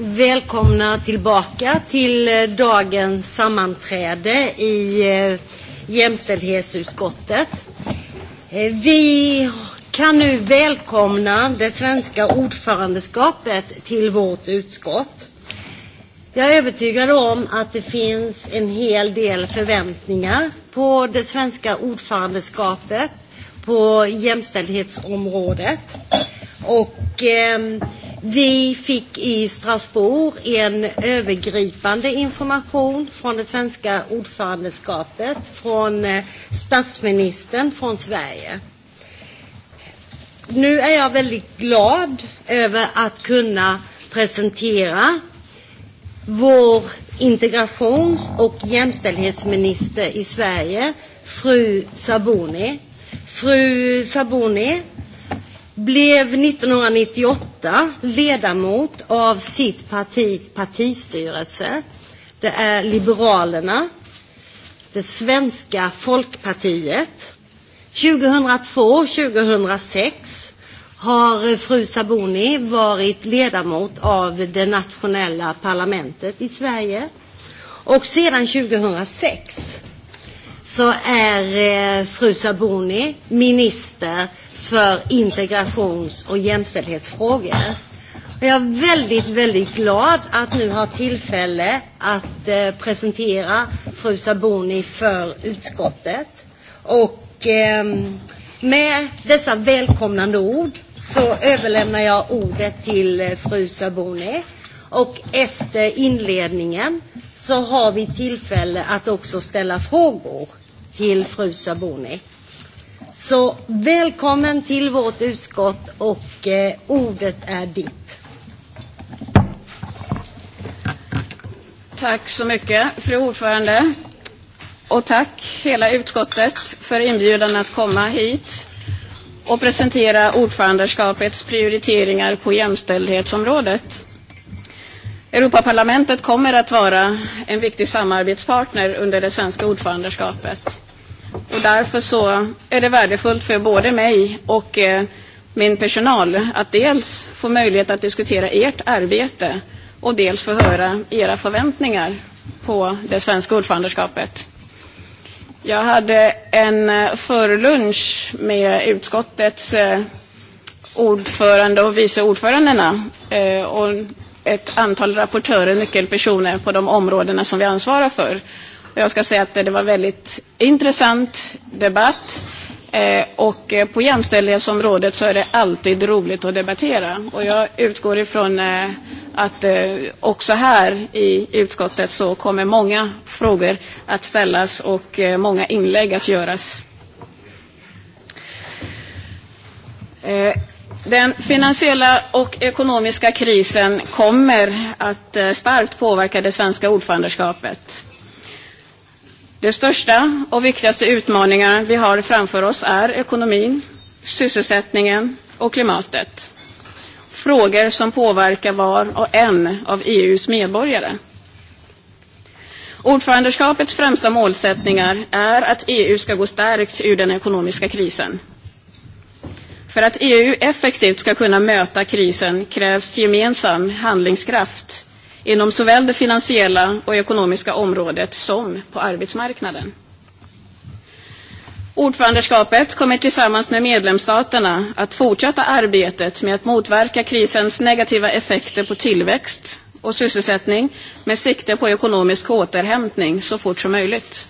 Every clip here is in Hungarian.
Välkomna tillbaka till eh, dagens sammanträde i eh, jämställdhetsutskottet. Eh, vi kan nu välkomna det svenska ordförandeskapet till vårt utskott. Jag är övertygad om att det finns en hel del förväntningar på det svenska ordförandeskapet på jämställdhetsområdet. Och eh, Vi fick i Strasbourg en övergripande information från det svenska ordförandeskapet, från eh, statsministern från Sverige. Nu är jag väldigt glad över att kunna presentera vår integrations och jämställdhetsminister i Sverige, fru Saboni. Fru Saboni blev 1998 ledamot av sitt partis partistyrelse. Det är Liberalerna, det svenska Folkpartiet. 2002-2006 har fru Saboni varit ledamot av det nationella parlamentet i Sverige. Och sedan 2006 så är eh, fru Saboni minister för integrations och jämställdhetsfrågor. Och jag är väldigt, väldigt glad att nu ha tillfälle att eh, presentera fru Saboni för utskottet. Och eh, med dessa välkomnande ord så överlämnar jag ordet till eh, fru Saboni. Och efter inledningen så har vi tillfälle att också ställa frågor till fru Saboni. Så välkommen till vårt utskott och eh, ordet är ditt. Tack så mycket, fru ordförande. Och tack hela utskottet för inbjudan att komma hit och presentera ordförandeskapets prioriteringar på jämställdhetsområdet. Europaparlamentet kommer att vara en viktig samarbetspartner under det svenska ordförandeskapet. Och därför så är det värdefullt för både mig och eh, min personal att dels få möjlighet att diskutera ert arbete och dels få höra era förväntningar på det svenska ordförandeskapet. Jag hade en eh, förlunch med utskottets eh, ordförande och vice ordförandena och ett antal rapportörer, nyckelpersoner på de områdena som vi ansvarar för. Jag ska säga att det var väldigt intressant debatt. Eh, och eh, på jämställdhetsområdet så är det alltid roligt att debattera. Och jag utgår ifrån eh, att också här i utskottet så kommer många frågor att ställas och många inlägg att göras. den finansiella och ekonomiska krisen kommer att starkt påverka det svenska ordförandeskapet. De största och viktigaste utmaningar vi har framför oss är ekonomin, sysselsättningen och klimatet. Frågor som påverkar var och en av EUs medborgare. Ordförandeskapets främsta målsättningar är att EU ska gå stärkt ur den ekonomiska krisen. För att EU effektivt ska kunna möta krisen krävs gemensam handlingskraft inom såväl det finansiella och ekonomiska området som på arbetsmarknaden. Ordförandeskapet kommer tillsammans med medlemsstaterna att fortsätta arbetet med att motverka krisens negativa effekter på tillväxt och sysselsättning med sikte på ekonomisk återhämtning så fort som möjligt.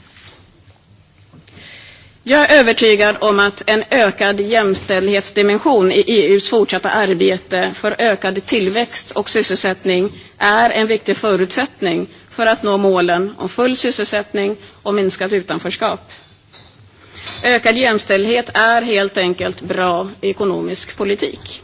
Jag är övertygad om att en ökad jämställdhetsdimension i EUs fortsatta arbete för ökad tillväxt och sysselsättning är en viktig förutsättning för att nå målen om full sysselsättning och minskat utanförskap. Ökad jämställdhet är helt enkelt bra ekonomisk politik.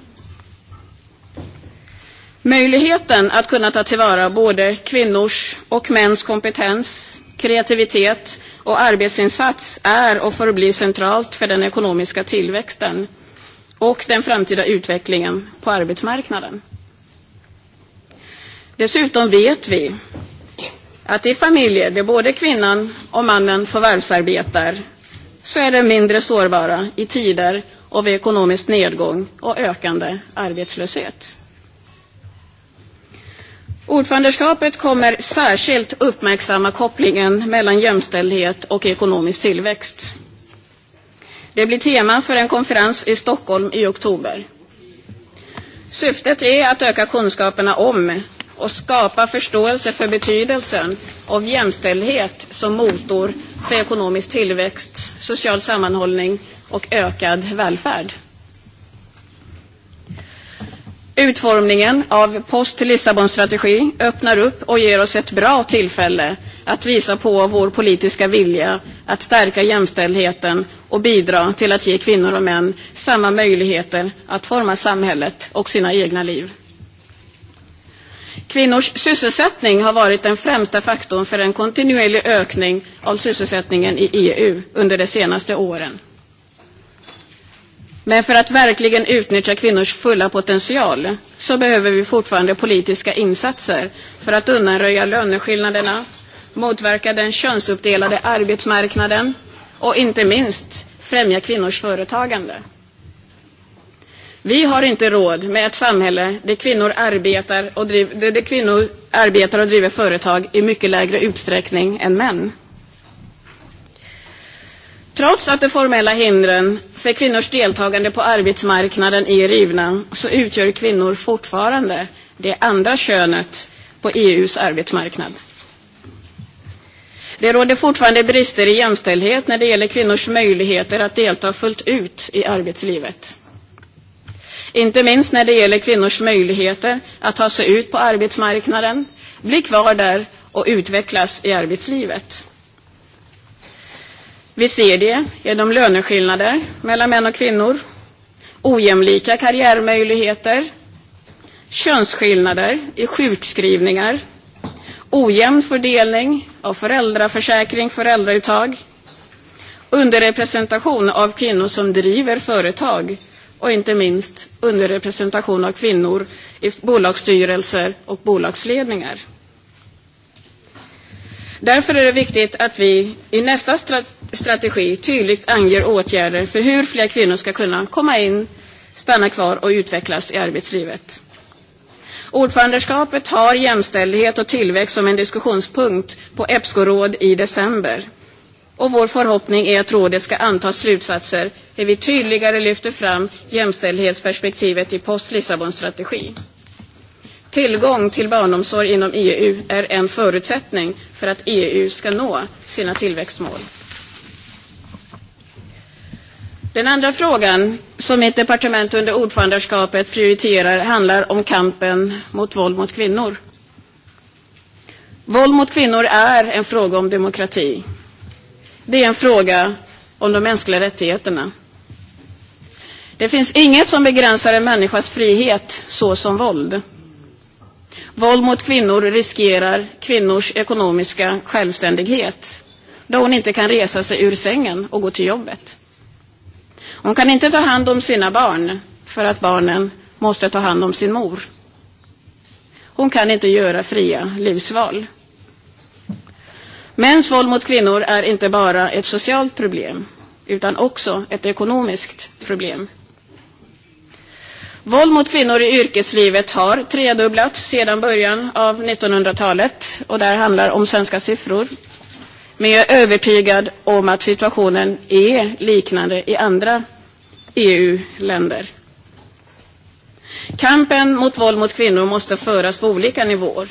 Möjligheten att kunna ta tillvara både kvinnors och mäns kompetens kreativitet och arbetsinsats är och förblir centralt för den ekonomiska tillväxten och den framtida utvecklingen på arbetsmarknaden. Dessutom vet vi att i familjer där både kvinnan och mannen förvärvsarbetar så är de mindre sårbara i tider av ekonomisk nedgång och ökande arbetslöshet. Ordförandeskapet kommer särskilt uppmärksamma kopplingen mellan jämställdhet och ekonomisk tillväxt. Det blir tema för en konferens i Stockholm i oktober. Syftet är att öka kunskaperna om och skapa förståelse för betydelsen av jämställdhet som motor för ekonomisk tillväxt, social sammanhållning och ökad välfärd. Utformningen av post-Lissabon-strategi öppnar upp och ger oss ett bra tillfälle att visa på vår politiska vilja att stärka jämställdheten och bidra till att ge kvinnor och män samma möjligheter att forma samhället och sina egna liv. Kvinnors sysselsättning har varit den främsta faktorn för en kontinuerlig ökning av sysselsättningen i EU under de senaste åren. Men för att verkligen utnyttja kvinnors fulla potential så behöver vi fortfarande politiska insatser för att undanröja löneskillnaderna, motverka den könsuppdelade arbetsmarknaden och inte minst främja kvinnors företagande. Vi har inte råd med ett samhälle där kvinnor arbetar och, driver, där kvinnor arbetar och driver företag i mycket lägre utsträckning än män. Trots att de formella hindren för kvinnors deltagande på arbetsmarknaden är rivna så utgör kvinnor fortfarande det andra könet på EUs arbetsmarknad. Det råder fortfarande brister i jämställdhet när det gäller kvinnors möjligheter att delta fullt ut i arbetslivet. Inte minst när det gäller kvinnors möjligheter att ta sig ut på arbetsmarknaden, bli kvar där och utvecklas i arbetslivet. Vi ser det genom löneskillnader mellan män och kvinnor, ojämlika karriärmöjligheter, könsskillnader i sjukskrivningar, ojämn fördelning av föräldraförsäkring, föräldrauttag, underrepresentation av kvinnor som driver företag och inte minst underrepresentation av kvinnor i bolagsstyrelser och bolagsledningar. Därför är det viktigt att vi i nästa strategi tydligt anger åtgärder för hur fler kvinnor ska kunna komma in, stanna kvar och utvecklas i arbetslivet. Ordförandeskapet har jämställdhet och tillväxt som en diskussionspunkt på EPSCO-råd i december. Och vår förhoppning är att rådet ska anta slutsatser där vi tydligare lyfter fram jämställdhetsperspektivet i post-Lissabon-strategin. Tillgång till barnomsorg inom EU är en förutsättning för att EU ska nå sina tillväxtmål. Den andra frågan som mitt departement under ordförandeskapet prioriterar handlar om kampen mot våld mot kvinnor. Våld mot kvinnor är en fråga om demokrati. Det är en fråga om de mänskliga rättigheterna. Det finns inget som begränsar en människas frihet så som våld. Våld mot kvinnor riskerar kvinnors ekonomiska självständighet då hon inte kan resa sig ur sängen och gå till jobbet. Hon kan inte ta hand om sina barn för att barnen måste ta hand om sin mor. Hon kan inte göra fria livsval. Mäns våld mot kvinnor är inte bara ett socialt problem utan också ett ekonomiskt problem. Våld mot kvinnor i yrkeslivet har tredubblats sedan början av 1900-talet och där handlar om svenska siffror. Men jag är övertygad om att situationen är liknande i andra EU-länder. Kampen mot våld mot kvinnor måste föras på olika nivåer.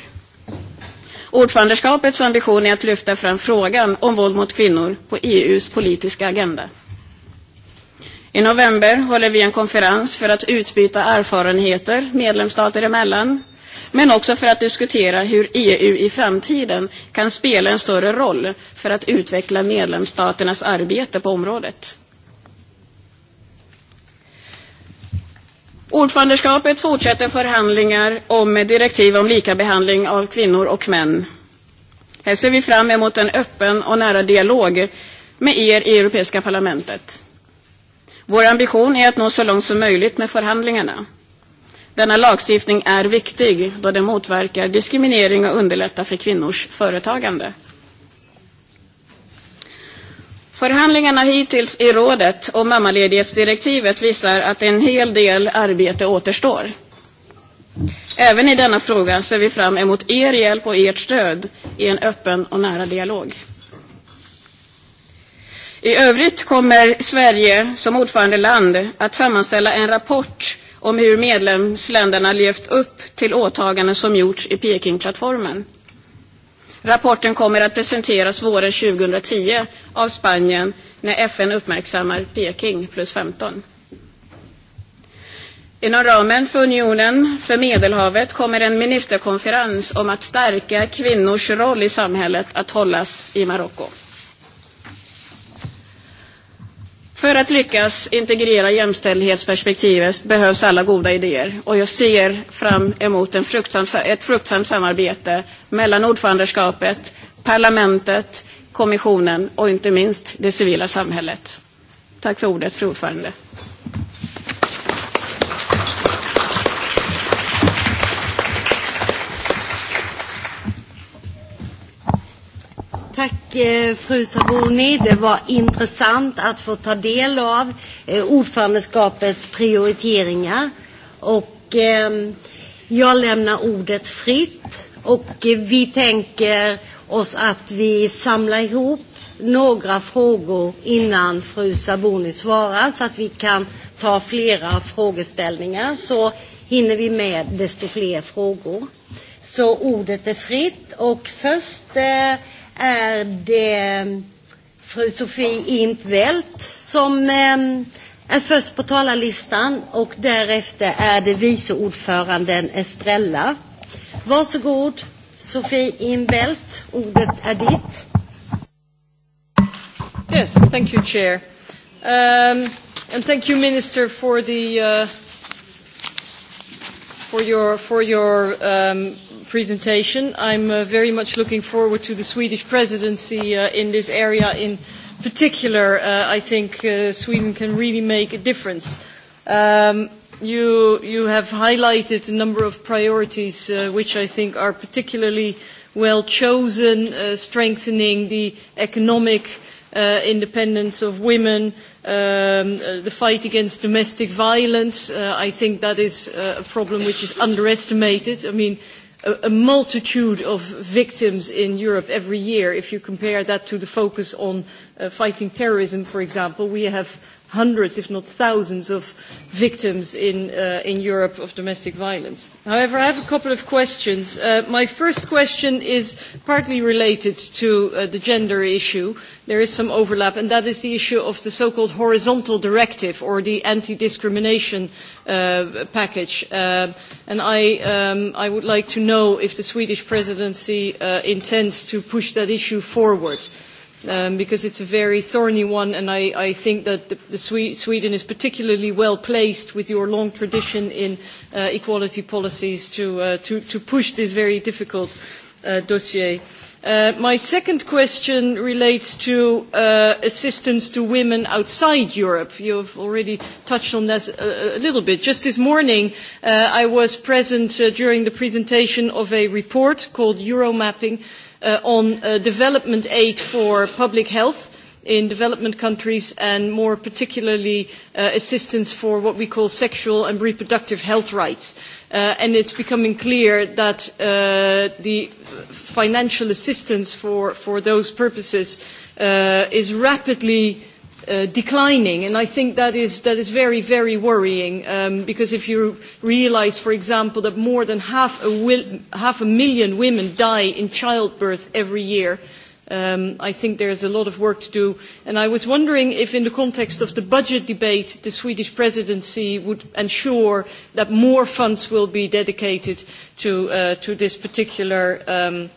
Ordförandeskapets ambition är att lyfta fram frågan om våld mot kvinnor på EUs politiska agenda. I november håller vi en konferens för att utbyta erfarenheter medlemsstater emellan men också för att diskutera hur EU i framtiden kan spela en större roll för att utveckla medlemsstaternas arbete på området. Ordförandeskapet fortsätter förhandlingar om direktiv om likabehandling av kvinnor och män. Här ser vi fram emot en öppen och nära dialog med er i Europeiska parlamentet. Vår ambition är att nå så långt som möjligt med förhandlingarna. Denna lagstiftning är viktig då den motverkar diskriminering och underlättar för kvinnors företagande. Förhandlingarna hittills i rådet om mammaledighetsdirektivet visar att en hel del arbete återstår. Även i denna fråga ser vi fram emot er hjälp och ert stöd i en öppen och nära dialog. I övrigt kommer Sverige som ordförandeland att sammanställa en rapport om hur medlemsländerna levt upp till åtaganden som gjorts i Pekingplattformen. Rapporten kommer att presenteras våren 2010 av Spanien när FN uppmärksammar Peking plus 15. Inom ramen för Unionen för Medelhavet kommer en ministerkonferens om att stärka kvinnors roll i samhället att hållas i Marocko. För att lyckas integrera jämställdhetsperspektivet behövs alla goda idéer och jag ser fram emot en fruktsam, ett fruktsamt samarbete mellan ordförandeskapet, parlamentet, kommissionen och inte minst det civila samhället. Tack för ordet, fru ordförande. Tack eh, fru Saboni. Det var intressant att få ta del av eh, ordförandeskapets prioriteringar. Och ehm, jag lämnar ordet fritt och eh, vi tänker oss att vi samlar ihop några frågor innan fru Saboni svarar så att vi kan ta flera frågeställningar så hinner vi med desto fler frågor. Så ordet är fritt och först eh, är det fru Sofie Intvält som eh, är först på talarlistan och därefter är det vice ordföranden Estrella. Varsågod, Sofie Intvält, ordet är ditt. Yes, thank you, Chair. Um, and thank you, Minister, for the uh, for your for your um, presentation. I'm uh, very much looking forward to the Swedish presidency uh, in this area. In particular, uh, I think uh, Sweden can really make a difference. Um, you, you have highlighted a number of priorities uh, which I think are particularly well chosen, uh, strengthening the economic uh, independence of women, um, uh, the fight against domestic violence. Uh, I think that is uh, a problem which is underestimated. I mean, a, multitude of victims in Europe every year. If you compare that to the focus on uh, fighting terrorism, for example, we have hundreds, if not thousands, of victims in, uh, in Europe of domestic violence. However, I have a couple of questions. Uh, my first question is partly related to uh, the gender issue. There is some overlap, and that is the issue of the so-called horizontal directive or the anti-discrimination uh, package. Uh, and I, um, I would like to know if the Swedish presidency uh, intends to push that issue forward um, because it's a very thorny one, and I, I think that the, the Swe Sweden is particularly well placed with your long tradition in uh, equality policies to, uh, to, to push this very difficult uh, dossier. Uh, my second question relates to uh, assistance to women outside Europe. You have already touched on this a, a little bit. Just this morning, uh, I was present uh, during the presentation of a report called Euromapping, uh, on uh, development aid for public health in development countries and more particularly uh, assistance for what we call sexual and reproductive health rights. Uh, and it's becoming clear that uh, the financial assistance for, for those purposes uh, is rapidly Uh, declining. And I think that is, that is very, very worrying um, because if you realise, for example, that more than half a, half a, million women die in childbirth every year, um, I think there is a lot of work to do. And I was wondering if, in the context of the budget debate, the Swedish presidency would ensure that more funds will be dedicated to, uh, to, this, particular, um,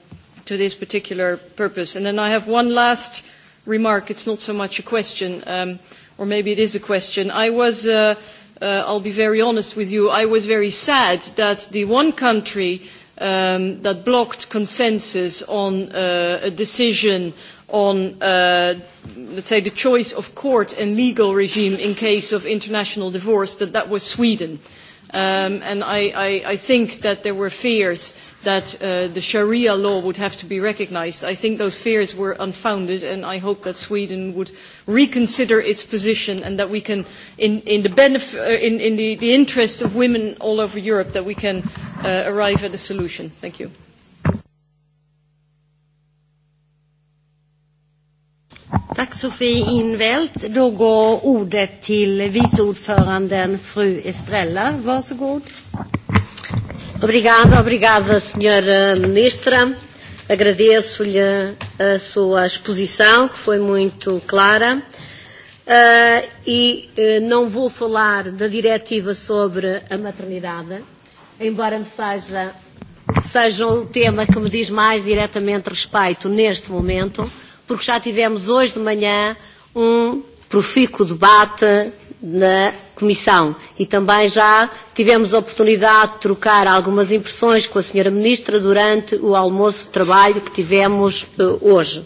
to this particular purpose. And then I have one last remark. It's not so much a question, um, or maybe it is a question. I was, uh, uh, I'll be very honest with you, I was very sad that the one country um, that blocked consensus on uh, a decision on, uh, let's say, the choice of court and legal regime in case of international divorce, that that was Sweden. Um, and I, I, I think that there were fears that uh, the Sharia law would have to be recognised. I think those fears were unfounded, and I hope that Sweden would reconsider its position and that we can, in, in, the, benef- uh, in, in the, the interests of women all over Europe, that we can uh, arrive at a solution. Thank you. Tack Sofie Invält. Då går ordet till vice ordföranden fru Estrella. Varsågod. Obrigada, obrigada senhora ministra. Agradeço-lhe eh, a sua exposição, que foi muito clara. Uh, e uh, não vou falar da diretiva sobre a maternidade, embora me seja, seja o tema que me diz mais diretamente respeito neste momento porque já tivemos hoje de manhã um profícuo debate na Comissão e também já tivemos a oportunidade de trocar algumas impressões com a Sra. Ministra durante o almoço de trabalho que tivemos uh, hoje. Uh,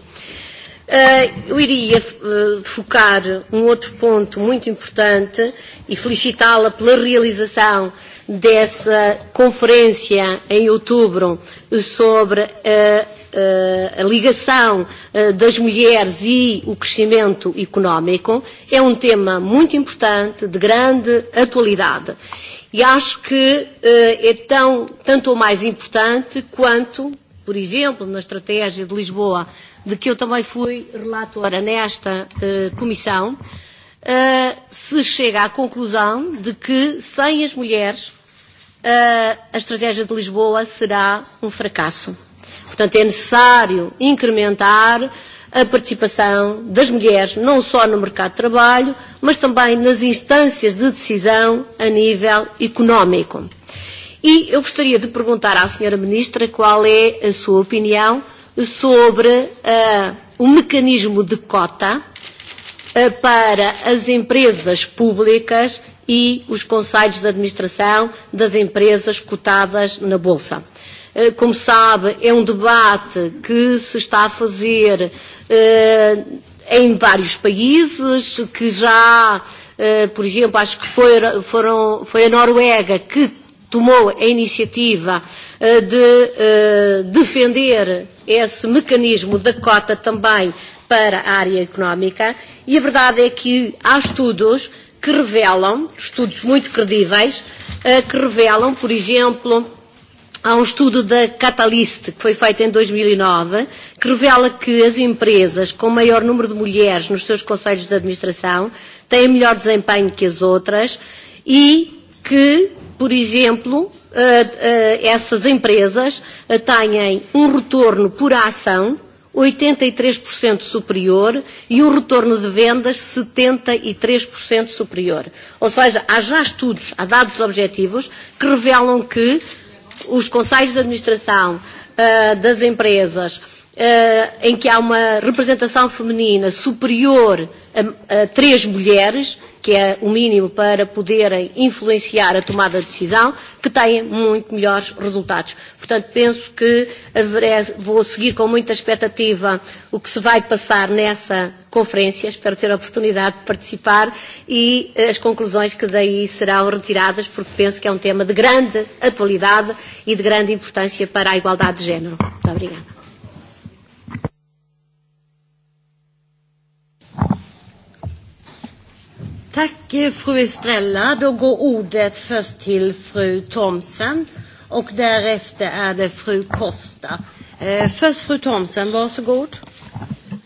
Eh, eu iria eh, focar um outro ponto muito importante e felicitá-la pela realização dessa conferência em outubro sobre a eh, a, a ligação das mulheres e o crescimento económico. É um tema muito importante, de grande atualidade. E acho que é tão, tanto ou mais importante quanto, por exemplo, na estratégia de Lisboa de que eu também fui relatora nesta uh, comissão, uh, se chega à conclusão de que sem as mulheres uh, a estratégia de Lisboa será um fracasso. Portanto, é necessário incrementar a participação das mulheres, não só no mercado de trabalho, mas também nas instâncias de decisão a nível económico. E eu gostaria de perguntar à Sra. Ministra qual é a sua opinião uh, sobre uh, o mecanismo de cota uh, para as empresas públicas e os conselhos de administração das empresas cotadas na Bolsa. Eh, como sabe, é um debate que se está a fazer eh, em vários países, que já, eh, por exemplo, acho que foi, foram, foi a Noruega que tomou a iniciativa uh, Eh, de eh, defender esse mecanismo da cota também para a área económica e a verdade é que há estudos que revelam, estudos muito credíveis, eh, que revelam, por exemplo, há um estudo da Catalyst, que foi feito em 2009, e que revela que as empresas com maior número de mulheres nos seus conselhos de administração têm melhor desempenho que as outras e que, por exemplo, Eh, eh, essas empresas eh, têm um retorno por ação 83% e superior e um retorno de vendas 73% e superior. Ou seja, há já estudos, há dados objetivos que revelam que os conselhos de administração uh, das empresas uh, em que há uma representação feminina superior a, a três mulheres que é o mínimo para poderem influenciar a tomada de decisão, que têm muito melhores resultados. Portanto, penso que haveré, vou seguir com muita expectativa o que se vai passar nessa conferência, espero ter a oportunidade de participar e eh, as conclusões que daí serão retiradas, porque penso que é um tema de grande atualidade e de grande importância para a igualdade de género. Muito obrigada. Tack fru Estrella. Då går ordet först till fru Thomsen och därefter är det fru Costa. Eh, först fru Thomsen, varsågod.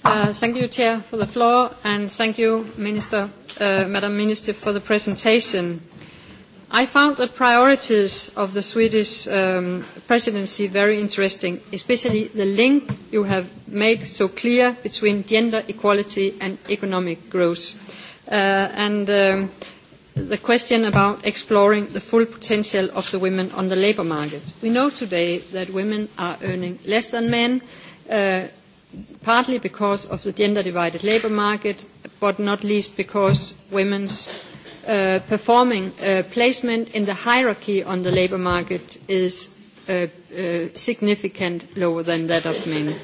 Uh, thank you, Chair, for the floor, and thank you, Minister, uh, Madam Minister, for the presentation. I found the priorities of the Swedish um, presidency very interesting, especially the link you have made so clear between gender equality and economic growth. Uh, and um, the question about exploring the full potential of the women on the labour market. We know today that women are earning less than men, uh, partly because of the gender-divided labour market, but not least because women's uh, performing uh, placement in the hierarchy on the labour market is uh, uh, significant lower than that of men.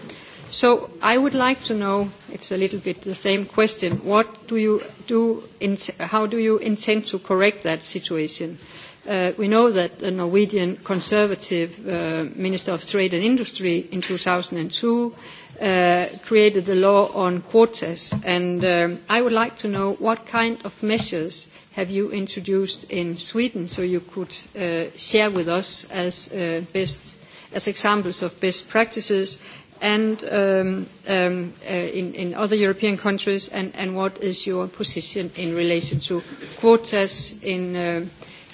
So I would like to know, it's a little bit the same question, what do you do, in, how do you intend to correct that situation? Uh, we know that the Norwegian Conservative uh, Minister of Trade and Industry in 2002 uh, created the law on quotas, and um, I would like to know what kind of measures have you introduced in Sweden so you could uh, share with us as, uh, best, as examples of best practices and um, um, uh, in, in other European countries, and, and what is your position in relation to quotas in, uh,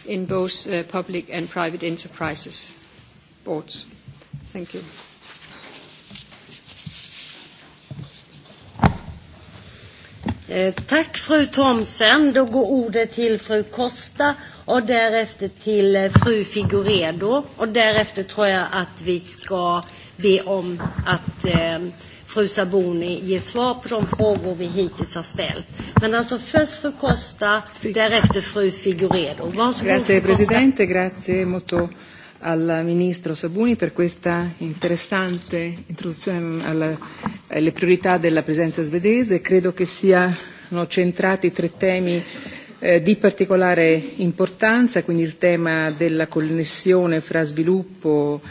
in both uh, public and private enterprises boards? Thank you. Eh, tack fru Thomsen. Då går ordet till fru Costa och därefter till eh, fru Figuredo. Och därefter tror jag att vi ska be om att eh, fru Saboni ger svar på de frågor vi hittills har ställt. Men alltså först fru Costa, sì. därefter fru Figuredo. Varsågod Grazie fru Presidente, grazie molto al Ministro Sabuni per questa interessante introduzione alla, alle priorità della presenza svedese. Credo che siano centrati tre temi eh, di particolare importanza, quindi il tema della connessione fra sviluppo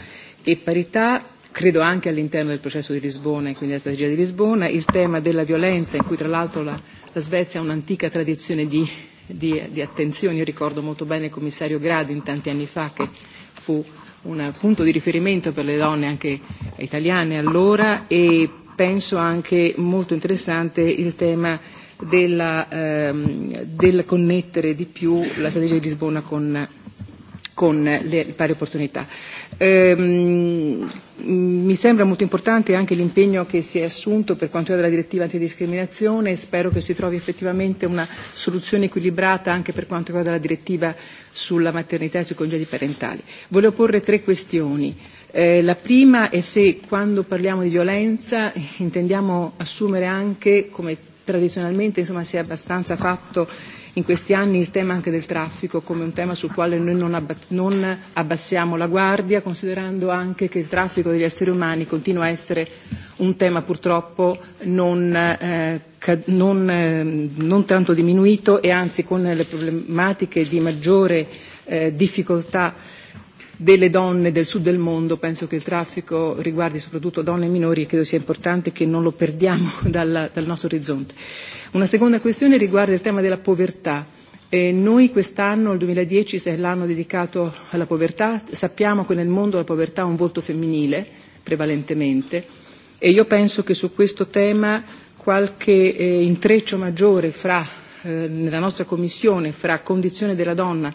e parità, credo anche all'interno del processo di Lisbona e quindi della strategia di Lisbona, il tema della violenza in cui tra l'altro la, la Svezia ha un'antica tradizione di, di, di attenzione. Io ricordo molto bene il commissario Gradin tanti anni fa che fu un punto di riferimento per le donne anche italiane allora e penso anche molto interessante il tema della, ehm, del connettere di più la strategia di Lisbona con, con le pari opportunità. Ehm, mi sembra molto importante anche l'impegno che si è assunto per quanto riguarda la direttiva antidiscriminazione e spero che si trovi effettivamente una soluzione equilibrata anche per quanto riguarda la direttiva sulla maternità e sui congedi parentali. Volevo porre tre questioni. Eh, la prima è se quando parliamo di violenza intendiamo assumere anche, come tradizionalmente insomma, si è abbastanza fatto, in questi anni il tema anche del traffico come un tema sul quale noi non, abba- non abbassiamo la guardia, considerando anche che il traffico degli esseri umani continua a essere un tema purtroppo non, eh, non, eh, non tanto diminuito e anzi con le problematiche di maggiore eh, difficoltà delle donne del sud del mondo, penso che il traffico riguardi soprattutto donne e minori e credo sia importante che non lo perdiamo dal, dal nostro orizzonte. Una seconda questione riguarda il tema della povertà. E noi quest'anno, il 2010, è l'anno dedicato alla povertà. Sappiamo che nel mondo la povertà ha un volto femminile, prevalentemente, e io penso che su questo tema qualche eh, intreccio maggiore fra, eh, nella nostra Commissione fra condizione della donna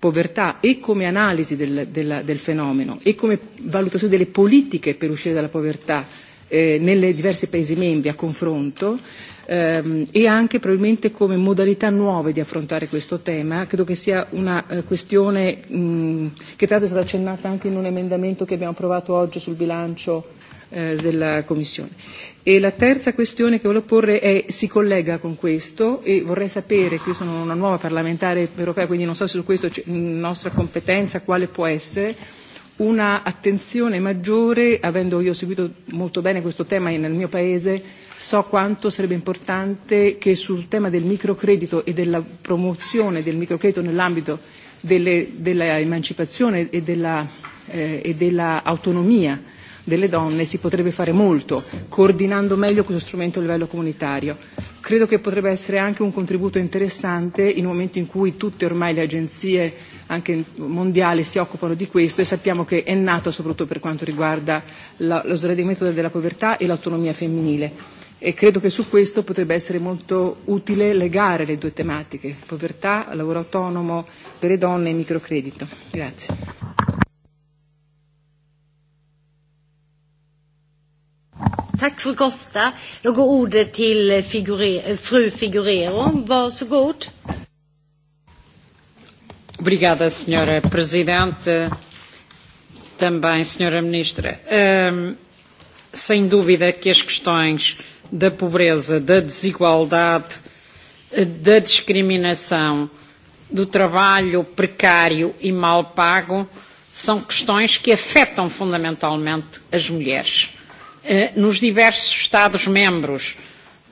povertà e come analisi del, del del fenomeno e come valutazione delle politiche per uscire dalla povertà eh, nelle diversi Paesi membri a confronto ehm, e anche probabilmente come modalità nuove di affrontare questo tema. Credo che sia una eh, questione mh, mm, che tra l'altro è stata accennata anche in un emendamento che abbiamo approvato oggi sul bilancio eh, della Commissione. E la terza questione che volevo porre è, si collega con questo e vorrei sapere, qui sono una nuova parlamentare europea, quindi non so se su questo c'è nostra competenza, quale può essere, una attenzione maggiore, avendo io seguito molto bene questo tema nel mio paese, so quanto sarebbe importante che sul tema del microcredito e della promozione del microcredito nell'ambito dell'emancipazione della e dell'autonomia della eh, e delle donne si potrebbe fare molto, coordinando meglio questo strumento a livello comunitario. Credo che potrebbe essere anche un contributo interessante in un momento in cui tutte ormai le agenzie anche mondiali si occupano di questo e sappiamo che è nato soprattutto per quanto riguarda la, lo sradimento della povertà e l'autonomia femminile. E credo che su questo potrebbe essere molto utile legare le due tematiche, povertà, lavoro autonomo per le donne e microcredito. Grazie. Tack fru Costa. Jag går ordet till figure, fru Figueiredo. Varsågod. Obrigada, senhora presidente. Também, senhora ministra. Um, sem dúvida que as questões da pobreza, da desigualdade, da discriminação, do trabalho precário e mal pago são questões que afetam fundamentalmente as mulheres Eh, nos diversos Estados-membros,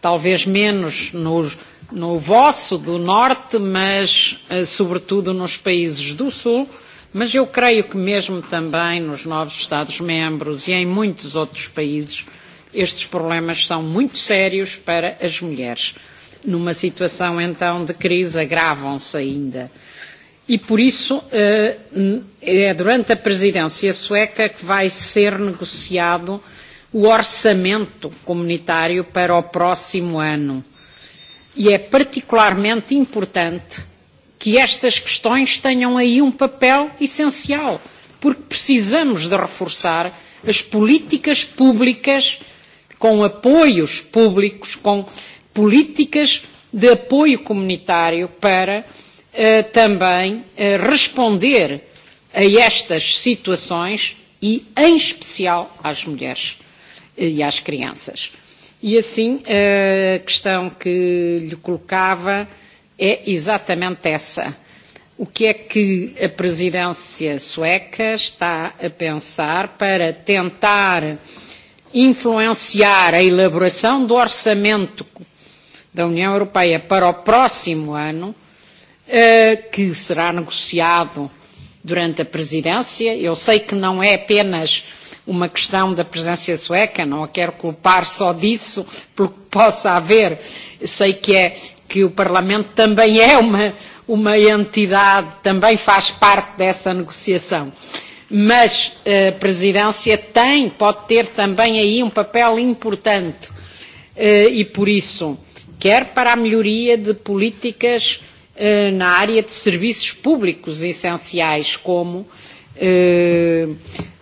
talvez menos no, no vosso do Norte, mas eh, sobretudo nos países do Sul, mas eu creio que mesmo também nos novos Estados-membros e em muitos outros países, estes problemas são muito sérios para as mulheres. Numa situação então de crise, agravam-se ainda. E por isso eh, é durante a presidência sueca que vai ser negociado o orçamento comunitário para o próximo ano. E é particularmente importante que estas questões tenham aí um papel essencial, porque precisamos de reforçar as políticas públicas com apoios públicos, com políticas de apoio comunitário para eh, também eh, responder a estas situações e, em especial, às mulheres. Eh, e às crianças. E assim, eh, a questão que lhe colocava é exatamente essa. O que é que a presidência sueca está a pensar para tentar influenciar a elaboração do orçamento da União Europeia para o próximo ano, eh, que será negociado durante a presidência? Eu sei que não é apenas uma questão da presença sueca, não a quero culpar só disso, pelo que possa haver. Eu sei que é que o Parlamento também é uma, uma entidade, também faz parte dessa negociação. Mas a presidência tem, pode ter também aí um papel importante eh, e por isso, quer para a melhoria de políticas eh, na área de serviços públicos essenciais, como eh,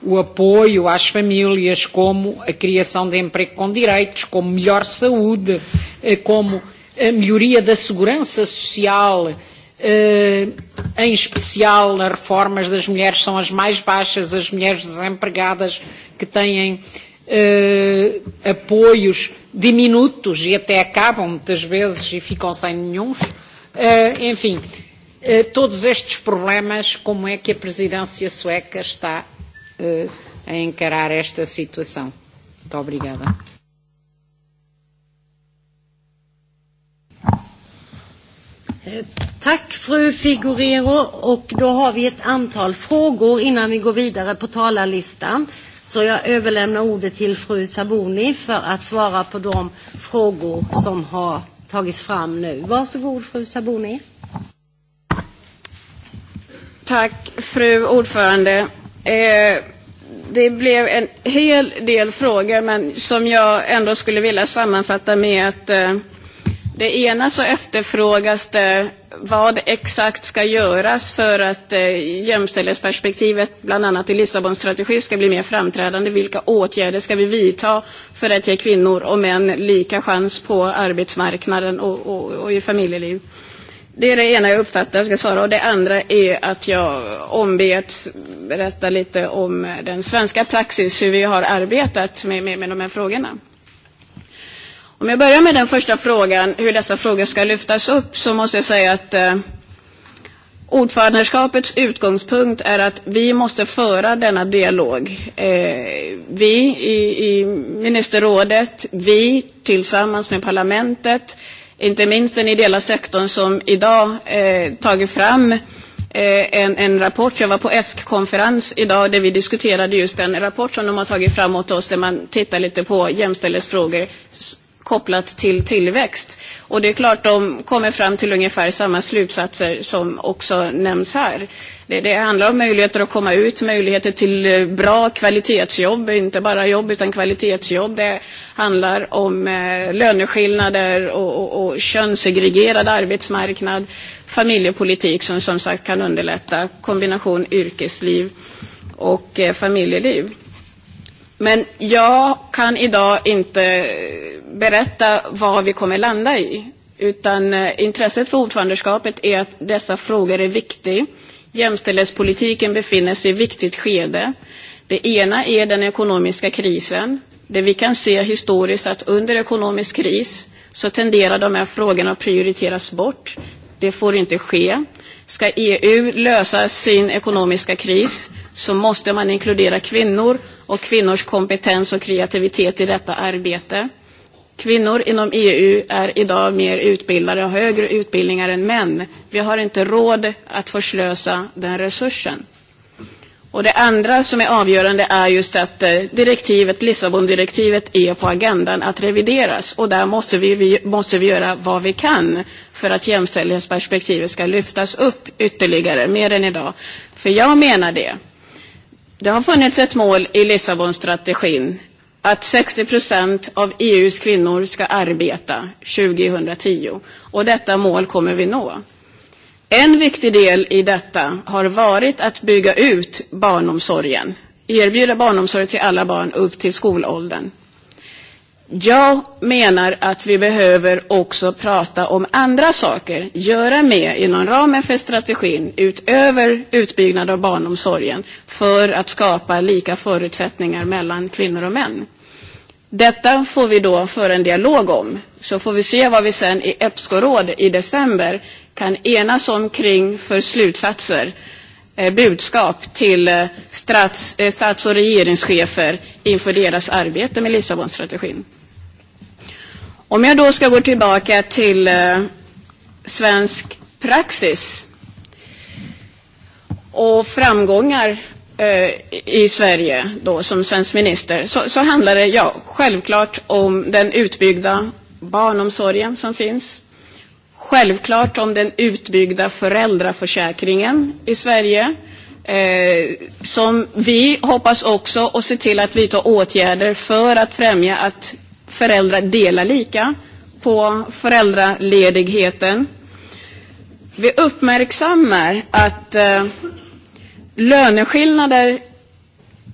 o apoio às famílias, como a criação de emprego com direitos, como melhor saúde, eh, como a melhoria da segurança social, eh, em especial as reformas das mulheres são as mais baixas, as mulheres desempregadas que têm eh, apoios diminutos e até acabam muitas vezes e ficam sem nenhum. Enfim, todos estes problemas, como é que a presidência sueca está uh, a encarar esta situação. Muito obrigada. Eh, tack fru Figurero och då har vi ett antal frågor innan vi går vidare på talarlistan. Så jag överlämnar ordet till fru Saboni för att svara på de frågor som har tagits fram nu. Varsågod fru Saboni. Tack fru ordförande. Eh, det blev en hel del frågor men som jag ändå skulle vilja sammanfatta med att eh, det ena så efterfrågas det vad exakt ska göras för att eh, jämställdhetsperspektivet, bland annat i Lissabonstrategin, ska bli mer framträdande. Vilka åtgärder ska vi vidta för att ge kvinnor och män lika chans på arbetsmarknaden och, och, och i familjeliv? Eh, Det är det ena jag uppfattar ska svara och det andra är att jag ombeds berätta lite om den svenska praxis, hur vi har arbetat med, med, med de här frågorna. Om jag börjar med den första frågan, hur dessa frågor ska lyftas upp, så måste jag säga att eh, ordförandeskapets utgångspunkt är att vi måste föra denna dialog. Eh, vi i, i ministerrådet, vi tillsammans med parlamentet, eh, inte minst den ideella sektorn som idag eh, tagit fram eh, en, en rapport. Jag var på ESK-konferens idag där vi diskuterade just en rapport som de har tagit fram åt oss där man tittar lite på jämställdhetsfrågor kopplat till tillväxt. Och det är klart de kommer fram till ungefär samma slutsatser som också nämns här. Eh, det, det handlar om möjligheter att komma ut, möjligheter till eh, bra kvalitetsjobb, inte bara jobb utan kvalitetsjobb. Det handlar om eh, löneskillnader och, och, och könssegregerad arbetsmarknad, familjepolitik som som sagt kan underlätta kombination yrkesliv och eh, familjeliv. Men jag kan idag inte eh, berätta vad vi kommer landa i. Utan eh, intresset för ordförandeskapet är att dessa frågor är viktiga Jämställdhetspolitiken befinner sig i ett viktigt skede. Det ena är den ekonomiska krisen, Det vi kan se historiskt att under ekonomisk kris så tenderar de här frågorna att prioriteras bort. Det får inte ske. Ska EU lösa sin ekonomiska kris så måste man inkludera kvinnor och kvinnors kompetens och kreativitet i detta arbete. Kvinnor inom EU är idag mer utbildade och har högre utbildningar än män. Vi har inte råd att förslösa den resursen. Och det andra som är avgörande är just att eh, direktivet, Lissabondirektivet är på agendan att revideras. Och där måste vi, vi, måste vi göra vad vi kan för att jämställdhetsperspektivet ska lyftas upp ytterligare, mer än idag. För jag menar det. Det har funnits ett mål i Lissabonstrategin att 60 procent av EUs kvinnor ska arbeta 2010. Och detta mål kommer vi nå. En viktig del i detta har varit att bygga ut barnomsorgen, erbjuda barnomsorg till alla barn upp till skolåldern. Jag menar att vi behöver också prata om andra saker, göra mer inom ramen för strategin utöver utbyggnad av barnomsorgen för att skapa lika förutsättningar mellan kvinnor och män. Detta får vi då föra en dialog om. Så får vi se vad vi sen i EPSCO-råd i december kan enas om kring för slutsatser, eh, budskap till eh, strats, eh, stats och regeringschefer inför deras arbete med Lissabonstrategin. Om jag då ska gå tillbaka till eh, svensk praxis och framgångar Eh, i Sverige då som svensk minister så, så handlar det ja, självklart om den utbyggda barnomsorgen som finns. Självklart om den utbyggda föräldraförsäkringen i Sverige eh, som vi hoppas också och se till att tar åtgärder för att främja att föräldrar delar lika på föräldraledigheten. Vi uppmärksammar att eh, löneskillnader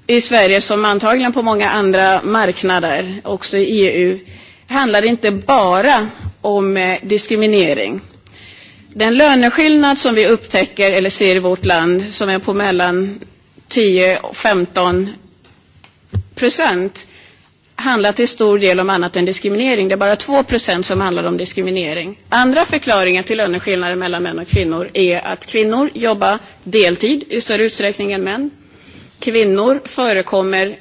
i Sverige som antagligen på många andra marknader, också i EU, handlar inte bara om eh, diskriminering. Den löneskillnad som vi upptäcker eller ser i vårt land som är på mellan 10 och 15 procent handlar till stor del om annat än diskriminering. Det är bara 2 procent som handlar om diskriminering. Andra förklaringar till löneskillnader mellan män och kvinnor är att kvinnor jobbar deltid i större utsträckning än män. Kvinnor förekommer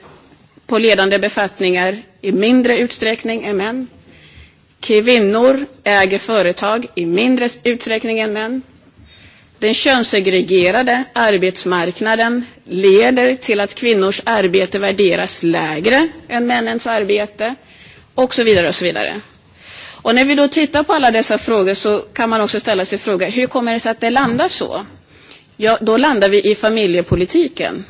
på ledande befattningar i mindre utsträckning än män. Kvinnor äger företag i mindre utsträckning än män. Den könssegregerade arbetsmarknaden leder till att kvinnors arbete värderas lägre än männens arbete och så vidare. Och så vidare. Och när vi då tittar på alla dessa frågor så kan man också ställa sig frågan hur kommer det sig att det landar så? Ja, då landar vi i familjepolitiken.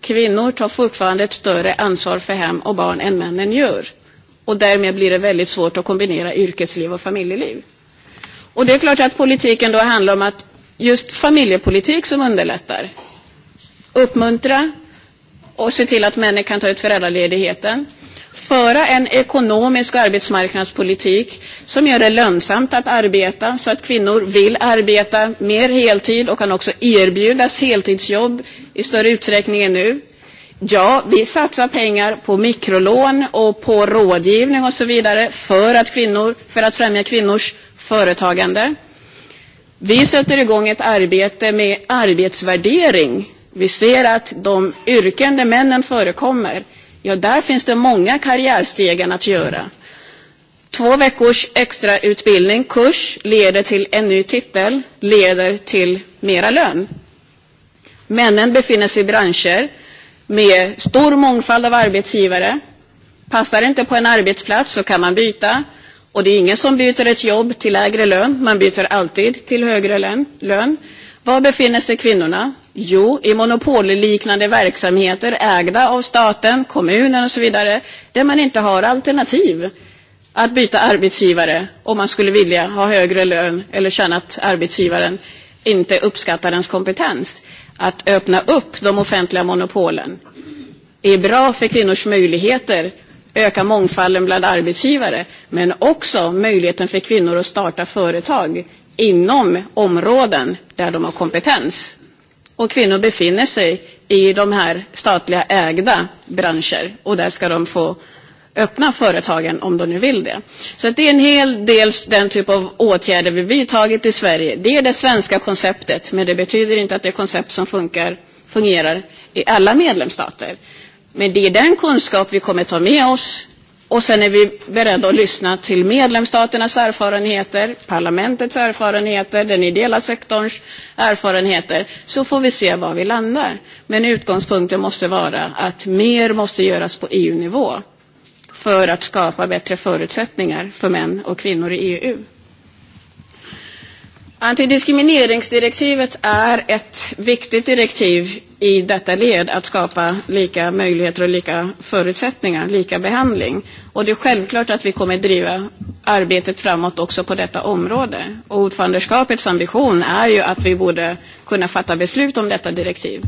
Kvinnor tar fortfarande ett större ansvar för hem och barn än männen gör. Och därmed blir det väldigt svårt att kombinera yrkesliv och familjeliv. Och det är klart att politiken då handlar om att just familjepolitik som underlättar. Uppmuntra och se till att männen kan ta ut föräldraledigheten. Föra en ekonomisk arbetsmarknadspolitik som gör det lönsamt att arbeta så att kvinnor vill arbeta mer heltid och kan också erbjudas heltidsjobb i större utsträckning än nu. Ja, vi satsar pengar på mikrolån och på rådgivning och så vidare för att, kvinnor, för att främja kvinnors företagande. Vi sätter igång ett arbete med arbetsvärdering. Vi ser att de yrken där männen förekommer, ja, där finns det många karriärstegen att göra. Två veckors extra utbildning, kurs, leder till en ny titel, leder till mera lön. Männen befinner sig i branscher med stor mångfald av arbetsgivare. Passar det inte på en arbetsplats så kan man byta. Och det är ingen som byter ett jobb till lägre lön. Man byter alltid till högre lön. Var befinner sig kvinnorna? Jo, i monopolliknande verksamheter ägda av staten, kommunen och så vidare, där man inte har alternativ att byta arbetsgivare om man skulle vilja ha högre lön eller känna att arbetsgivaren inte uppskattar ens kompetens. Att öppna upp de offentliga monopolen är bra för kvinnors möjligheter öka mångfalden bland arbetsgivare, men också möjligheten för kvinnor att starta företag inom områden där de har kompetens. Och kvinnor befinner sig i de här statliga ägda branscher och där ska de få öppna företagen om de nu vill det. Så att det är en hel del den typ av åtgärder vi vidtagit i Sverige. Det är det svenska konceptet, men det betyder inte att det är koncept som funkar, fungerar i alla medlemsstater. Men det är den kunskap vi kommer ta med oss och sen är vi beredda att lyssna till medlemsstaternas erfarenheter, parlamentets erfarenheter, den ideella sektorns erfarenheter, så får vi se var vi landar. Men utgångspunkten måste vara att mer måste göras på EU-nivå för att skapa bättre förutsättningar för män och kvinnor i EU. Antidiskrimineringsdirektivet är ett viktigt direktiv i detta led att skapa lika möjligheter och lika förutsättningar, lika behandling. Och det är självklart att vi kommer driva arbetet framåt också på detta område. Och ordförandeskapets ambition är ju att vi borde kunna fatta beslut om detta direktiv.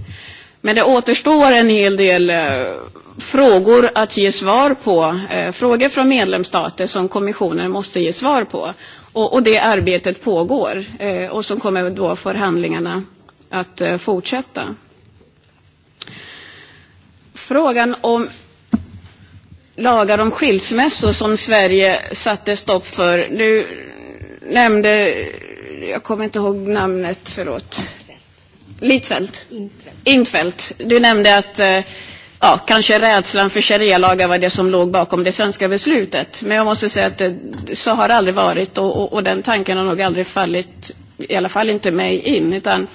Men det återstår en hel del eh, frågor att ge svar på. Eh, frågor från medlemsstater som kommissionen måste ge svar på. Och, det arbetet pågår. Eh, och så kommer då förhandlingarna att fortsätta. Frågan om lagar om skilsmässor som Sverige satte stopp för. Nu nämnde, jag kommer inte ihåg namnet, förlåt. Litfält? Intfält. Du nämnde att eh, ja, kanske rädslan för sharia-lagar var det som låg bakom det svenska beslutet. Men jag måste säga att det, eh, så har det aldrig varit och, och, och den tanken har nog aldrig fallit, i alla fall inte mig in. Utan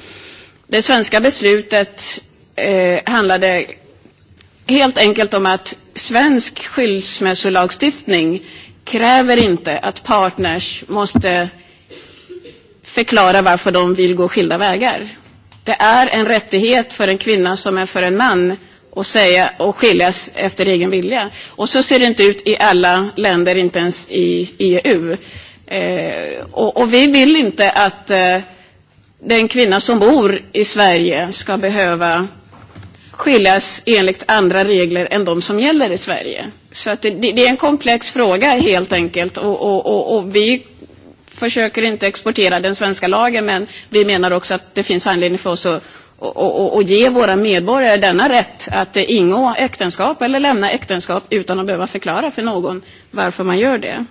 det svenska beslutet eh, handlade helt enkelt om att svensk skilsmässolagstiftning kräver inte att partners måste förklara varför de vill gå skilda vägar. Det är en rättighet för en kvinna som är för en man och, säga, och skiljas efter egen vilja. Och så ser det inte ut i alla länder, inte ens i EU. Eh, och, och vi vill inte att eh, den kvinna som bor i Sverige ska behöva skiljas enligt andra regler än de som gäller i Sverige. Så att det, det, det är en komplex fråga helt enkelt. Och, och, och, och vi försöker inte exportera den svenska lagen, men vi menar också att det finns anledning för oss att och, och, och ge våra medborgare denna rätt att ingå äktenskap eller lämna äktenskap utan att behöva förklara för någon varför man gör det.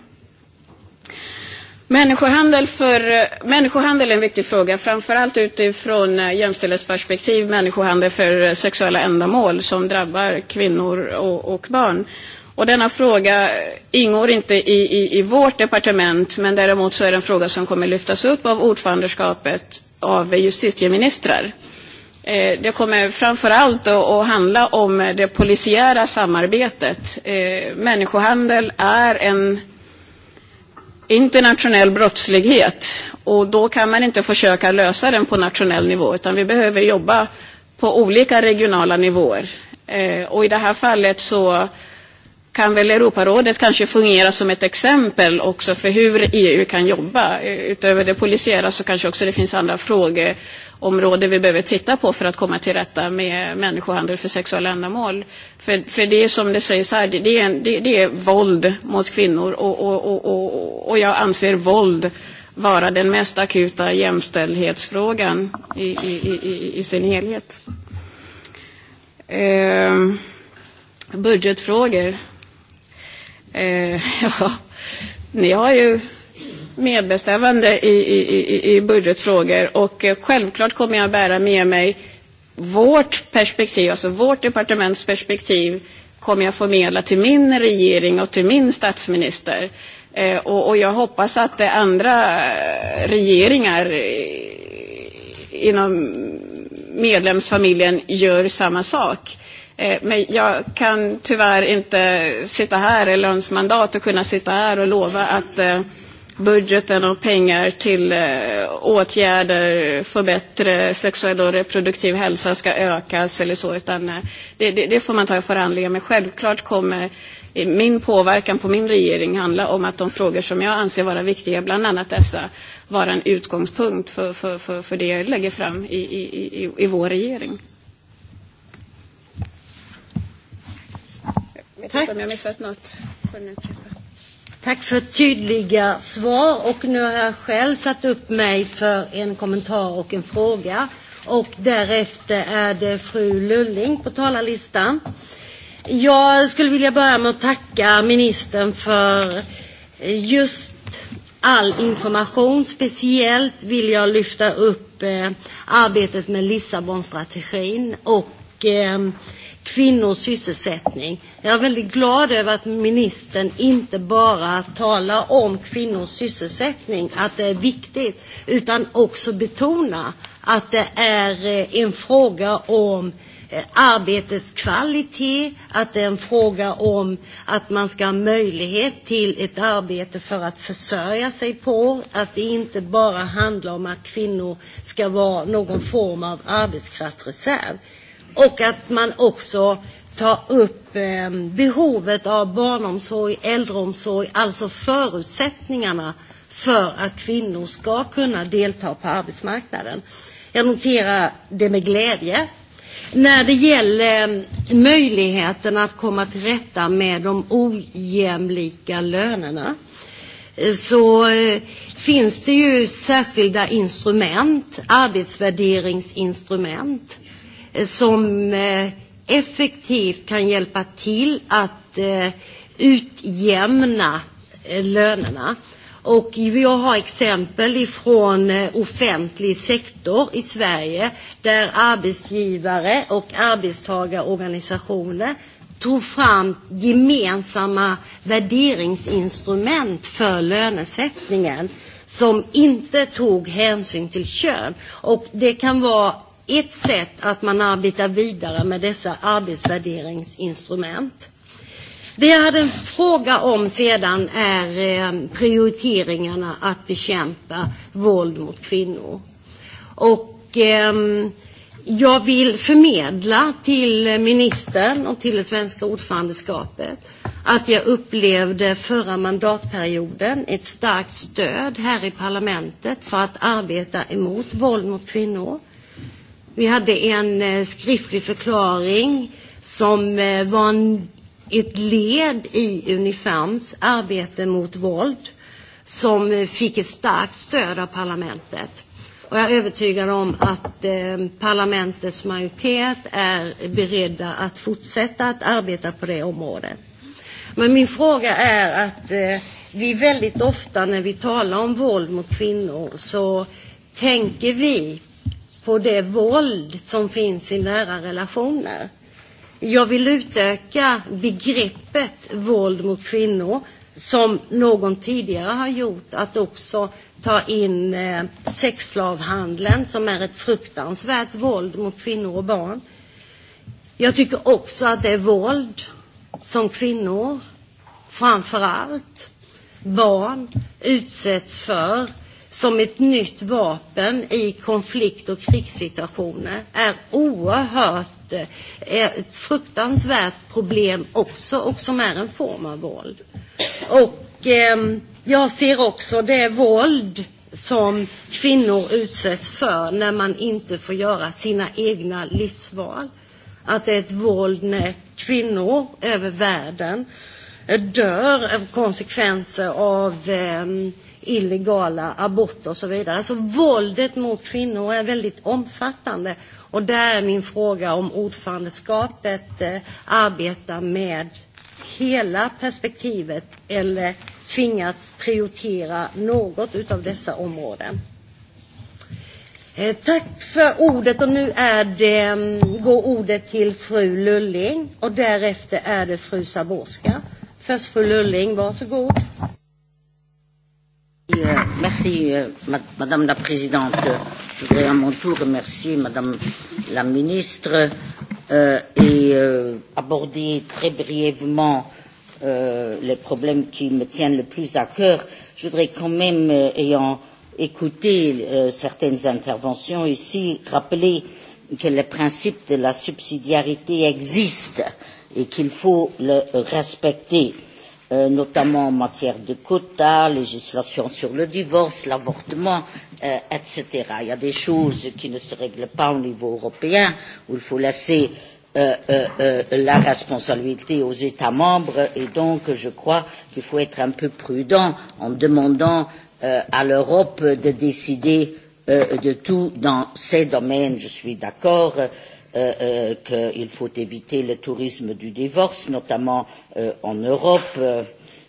Människohandel, för, människohandel är en viktig fråga, framförallt utifrån jämställdhetsperspektiv. Människohandel för sexuella ändamål som drabbar kvinnor och, och barn. Och denna fråga ingår inte i, i, i vårt departement, men däremot så är det en fråga som kommer lyftas upp av ordförandeskapet av justitieministrar. Eh, det kommer framförallt att handla om det polisiära samarbetet. Eh, människohandel är en internationell brottslighet och då kan man inte försöka lösa den på nationell nivå utan vi behöver jobba på olika regionala nivåer. Eh, och i det här fallet så kan väl Europarådet kanske fungera som ett exempel också för hur EU kan jobba. Utöver det polisiära så kanske också det finns andra frågeområden vi behöver titta på för att komma till rätta med människohandel för sexuella ändamål. För, för det är som det sägs här, det, det, är, en, det, det är våld mot kvinnor och, och, och, och, och jag anser våld vara den mest akuta jämställdhetsfrågan i, i, i, i sin helhet. Eh, budgetfrågor ni har ju medbestämmande i, i, i budgetfrågor och eh, självklart kommer jag bära med mig vårt perspektiv, alltså vårt departements perspektiv kommer jag förmedla till min regering och till min statsminister. Eh, och, och jag hoppas att det andra eh, regeringar inom medlemsfamiljen gör samma sak. Eh, men jag kan tyvärr inte sitta här, eller ens mandat att kunna sitta här och lova att eh, budgeten och pengar till eh, åtgärder för bättre sexuell och reproduktiv hälsa ska ökas eller så, utan det, det, det får man ta i förhandlingar. Men självklart kommer min påverkan på min regering handla om att de frågor som jag anser vara viktiga, bland annat dessa, vara en utgångspunkt för, för, för, för det jag lägger fram i, i, i, i vår regering. vet Tack. inte om jag missat något. Tack för tydliga svar och nu har jag själv satt upp mig för en kommentar och en fråga. Och därefter är det fru Lulling på talarlistan. Jag skulle vilja börja med att tacka ministern för just all information. Speciellt vill jag lyfta upp eh, arbetet med Lissabonstrategin och eh, kvinnors sysselsättning. Jag är väldigt glad över att ministern inte bara talar om kvinnors sysselsättning, att det är viktigt, utan också betonar att det är eh, en fråga om eh, arbetets kvalitet, att det är en fråga om att man ska ha möjlighet till ett arbete för att försörja sig på, att det inte bara handlar om att kvinnor ska vara någon form av arbetskraftsreserv och att man också tar upp eh, behovet av barnomsorg, äldreomsorg, alltså förutsättningarna för att kvinnor ska kunna delta på arbetsmarknaden. Jag noterar det med glädje. När det gäller ehm, möjligheten att komma till rätta med de ojämlika lönerna eh, så eh, finns det ju särskilda instrument, arbetsvärderingsinstrument Eh, som eh, effektivt kan hjälpa till att eh, utjämna lönerna. Och jag har exempel från offentlig sektor i Sverige där arbetsgivare och arbetstagarorganisationer tog fram gemensamma värderingsinstrument för lönesättningen som inte tog hänsyn till kön. Och det kan vara Ett sätt att man arbetar vidare med dessa arbetsvärderingsinstrument. Det jag hade en fråga om sedan är eh, prioriteringarna att bekämpa våld mot kvinnor. Och ehm, jag vill förmedla till ministern och till det svenska ordförandeskapet att jag upplevde förra mandatperioden ett starkt stöd här i parlamentet för att arbeta emot våld mot kvinnor. Vi hade en eh, skriftlig förklaring som eh, var en, ett led i Unifems arbete mot våld som eh, fick ett starkt stöd av parlamentet. Och jag är övertygad om att eh, parlamentets majoritet är beredda att fortsätta att arbeta på det området. Men min fråga är att eh, vi väldigt ofta när vi talar om våld mot kvinnor så tänker vi på det våld som finns i nära relationer. Jag vill utöka begreppet våld mot kvinnor, som någon tidigare har gjort, att också ta in eh, sexslavhandeln som är ett fruktansvärt våld mot kvinnor och barn. Jag tycker också att det är våld som kvinnor, framför allt barn, utsätts för som ett nytt vapen i konflikt och krigssituationer är oerhört är eh, ett fruktansvärt problem också och som är en form av våld. Och eh, jag ser också det våld som kvinnor utsätts för när man inte får göra sina egna livsval. Att det är ett våld när kvinnor över världen dör av konsekvenser av eh, illegala aborter och så vidare. Alltså våldet mot kvinnor är väldigt omfattande. Och där är min fråga om ordförandeskapet eh, arbetar med hela perspektivet eller tvingats prioritera något utav dessa områden. Eh, tack för ordet och nu är det, mm, går ordet till fru Lulling och därefter är det fru Saborska. Först fru Lulling, varsågod. Euh, merci, euh, Madame la Présidente. Je voudrais à mon tour remercier Madame la Ministre euh, et euh, aborder très brièvement euh, les problèmes qui me tiennent le plus à cœur. Je voudrais quand même, euh, ayant écouté euh, certaines interventions ici, rappeler que le principe de la subsidiarité existe et qu'il faut le respecter. Euh, euh, notamment en matière de quotas, législation sur le divorce, l'avortement, euh, etc. Il y a des choses qui ne se règlent pas au niveau européen, où il faut laisser euh, euh, euh, la responsabilité aux États membres, et donc je crois qu'il faut être un peu prudent en demandant euh, à l'Europe de décider euh, de tout dans ces domaines. Je suis d'accord. Euh, euh, euh, qu'il faut éviter le tourisme du divorce, notamment euh, en Europe. Euh,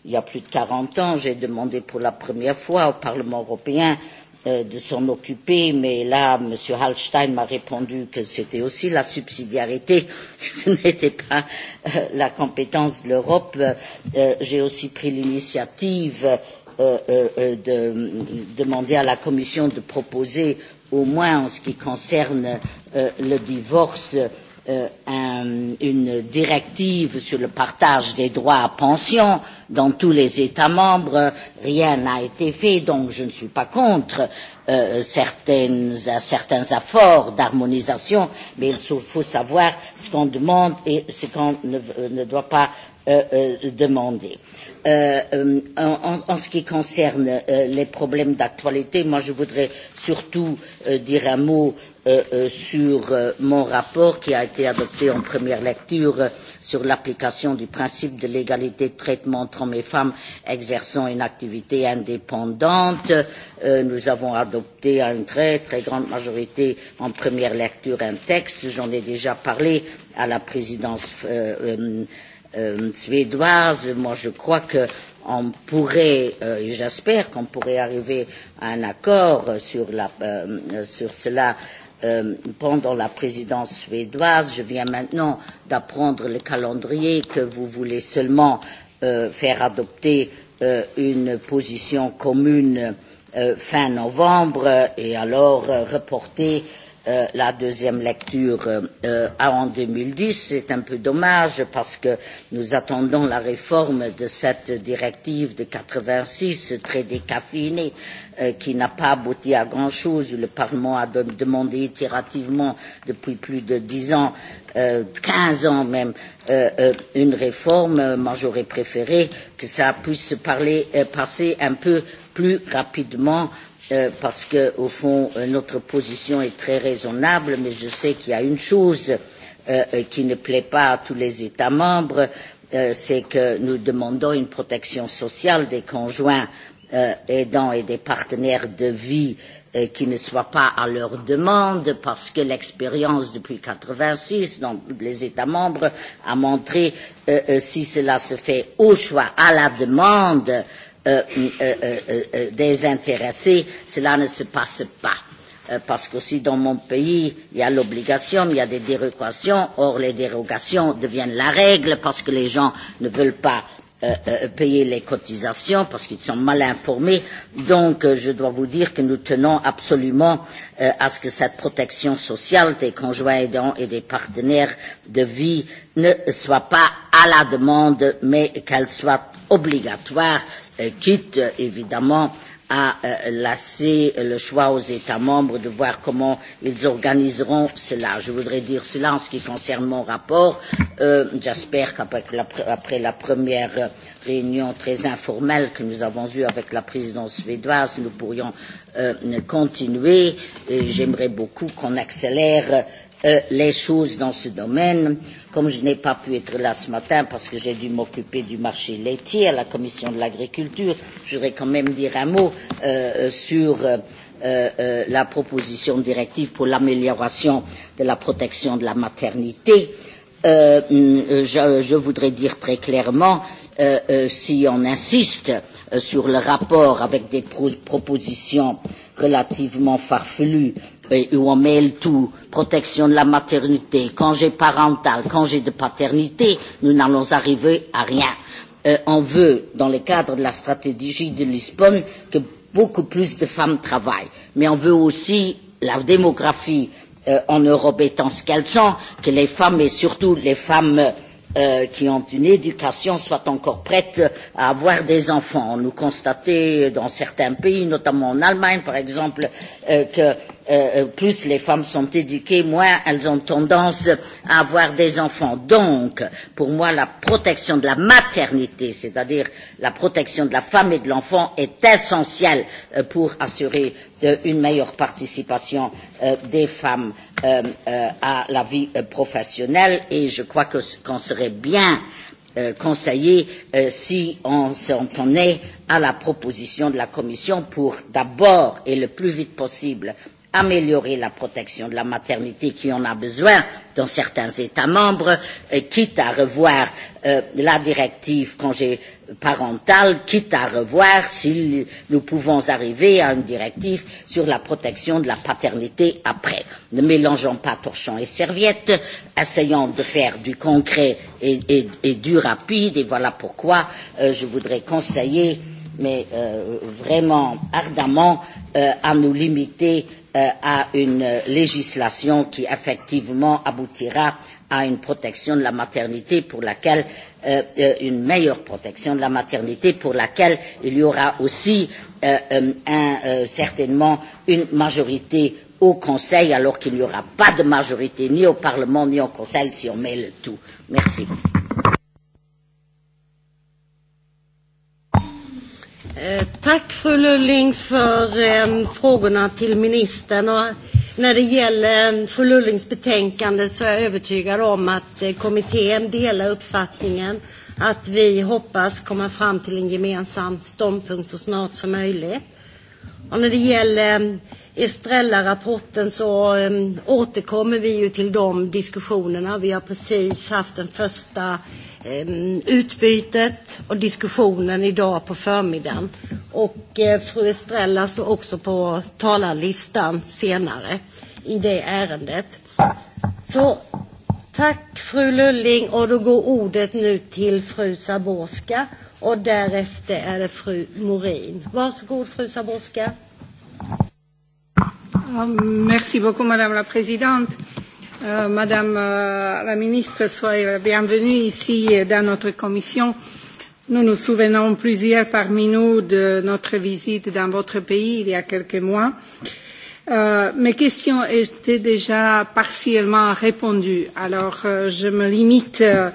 il y a plus de 40 ans, j'ai demandé pour la première fois au Parlement européen euh, de s'en occuper, mais là, M. Hallstein m'a répondu que c'était aussi la subsidiarité, ce n'était pas euh, la compétence de l'Europe. Euh, j'ai aussi pris l'initiative euh, euh, euh de euh, demander à la Commission de proposer euh, au moins en ce qui concerne euh, le divorce, euh, un, une directive sur le partage des droits à pension dans tous les États membres. Rien n'a été fait, donc je ne suis pas contre euh, certaines, certains efforts d'harmonisation, mais il faut savoir ce qu'on demande et ce qu'on ne, euh, ne doit pas Euh, euh, demandé. euh, euh en, en ce qui concerne euh, les problèmes d'actualité, moi je voudrais surtout euh, dire un mot euh, euh, sur euh, mon rapport qui a été adopté en première lecture euh, sur l'application du principe de l'égalité de traitement entre hommes et femmes exerçant une activité indépendante. Euh, nous avons adopté à une très très grande majorité en première lecture un texte, j'en ai déjà parlé à la présidence euh, euh, euh, suédoise. Moi, je crois que on pourrait, euh, j'espère qu'on pourrait arriver à un accord sur, la, euh, sur cela euh, pendant la présidence suédoise. Je viens maintenant d'apprendre le calendrier que vous voulez seulement euh, faire adopter euh, une position commune euh, fin novembre et alors euh, reporter euh, euh, la deuxième lecture euh, euh en 2010. C'est un peu dommage parce que nous attendons la réforme de cette directive de 86 très décaféinée euh, qui n'a pas abouti à grand-chose. Le Parlement a demandé itérativement depuis plus de dix ans, euh, 15 ans même, euh, euh, une réforme. Moi, j'aurais préféré que ça puisse parler, euh, passer un peu plus rapidement Euh, parce que, au fond, euh, notre position est très raisonnable, mais je sais qu'il y a une chose euh, euh, qui ne plaît pas à tous les États membres, euh, c'est que nous demandons une protection sociale des conjoints euh, aidants et des partenaires de vie euh, qui ne soit pas à leur demande, parce que l'expérience depuis 1986 dans les États membres a montré euh, si cela se fait au choix, à la demande, Euh euh, euh, euh, euh, des intéressés, cela ne se passe pas. Euh, parce que si dans mon pays, il y a l'obligation, il y a des dérogations, or les dérogations deviennent la règle parce que les gens ne veulent pas euh, euh, payer les cotisations parce qu'ils sont mal informés. Donc, euh, je dois vous dire que nous tenons absolument euh, à ce que cette protection sociale des conjoints aidants et des partenaires de vie ne soit pas à la demande, mais qu'elle soit obligatoire, euh, quitte euh, évidemment euh, à euh, laisser le choix aux États membres de voir comment ils organiseront cela. Je voudrais dire cela en ce qui concerne mon rapport. Euh, J'espère qu'après la, après la première réunion très informelle que nous avons eue avec la présidence suédoise, nous pourrions euh, continuer. J'aimerais beaucoup qu'on accélère Euh, les choses dans ce domaine. Comme je n'ai pas pu être là ce matin parce que j'ai dû m'occuper du marché laitier à la commission de l'agriculture, je voudrais quand même dire un mot euh, euh sur euh, euh, euh, la proposition de directive pour l'amélioration de la protection de la maternité. Euh, je, je voudrais dire très clairement, euh, euh, si on insiste sur le rapport avec des pro propositions relativement farfelues ou on mêle tout, protection de la maternité, congé parental, congé de paternité, nous n'allons arriver à rien. Euh, on veut, dans le cadre de la stratégie de Lisbonne, que beaucoup plus de femmes travaillent. Mais on veut aussi la démographie euh, en Europe étant ce qu'elles sont, que les femmes et surtout les femmes euh, qui ont une éducation soient encore prêtes à avoir des enfants. Nous constatons dans certains pays, notamment en Allemagne par exemple, euh, que Euh, euh, plus les femmes sont éduquées, moins elles ont tendance à avoir des enfants. Donc, pour moi, la protection de la maternité, c'est-à-dire la protection de la femme et de l'enfant, est essentielle euh, pour assurer euh, une meilleure participation euh, des femmes euh, euh, à la vie euh, professionnelle. Et je crois que qu'on serait bien euh, conseillé euh, si on s'en tenait à la proposition de la Commission pour d'abord et le plus vite possible améliorer la protection de la maternité qui en a besoin dans certains États membres, euh, quitte à revoir euh, la directive congé parental, quitte à revoir si nous pouvons arriver à une directive sur la protection de la paternité après. Ne mélangeons pas torchons et serviettes, essayons de faire du concret et, et, et du rapide, et voilà pourquoi euh, je voudrais conseiller euh, mais euh, vraiment ardemment euh, à nous limiter euh, à une législation qui effectivement aboutira à une protection de la maternité pour laquelle euh, euh une meilleure protection de la maternité pour laquelle il y aura aussi euh, euh, un, euh, certainement une majorité au Conseil alors qu'il n'y aura pas de majorité ni au Parlement ni au Conseil si on met le tout. Merci. Eh, tack fru Lulling för ehm, frågorna till ministern. Och när det gäller ehm, fru Lullings betänkande så är jag övertygad om att eh, kommittén delar uppfattningen att vi hoppas komma fram till en gemensam ståndpunkt så snart som möjligt. Och när det gäller ehm, Estrella-rapporten så återkommer vi ju till de diskussionerna. Vi har precis haft den första Ehm, utbytet och diskussionen idag på förmiddagen. Och eh, fru Estrella står också på talarlistan senare i det ärendet. Så tack fru Lulling och då går ordet nu till fru Saborska och därefter är det fru Morin. Varsågod fru Saborska. Ah, merci beaucoup madame la présidente euh, Madame euh, la ministre, soyez la bienvenue ici dans notre commission. Nous nous souvenons plusieurs parmi nous de notre visite dans votre pays il y a quelques mois. Euh, mes questions étaient déjà partiellement répondues, alors euh, je me limite euh,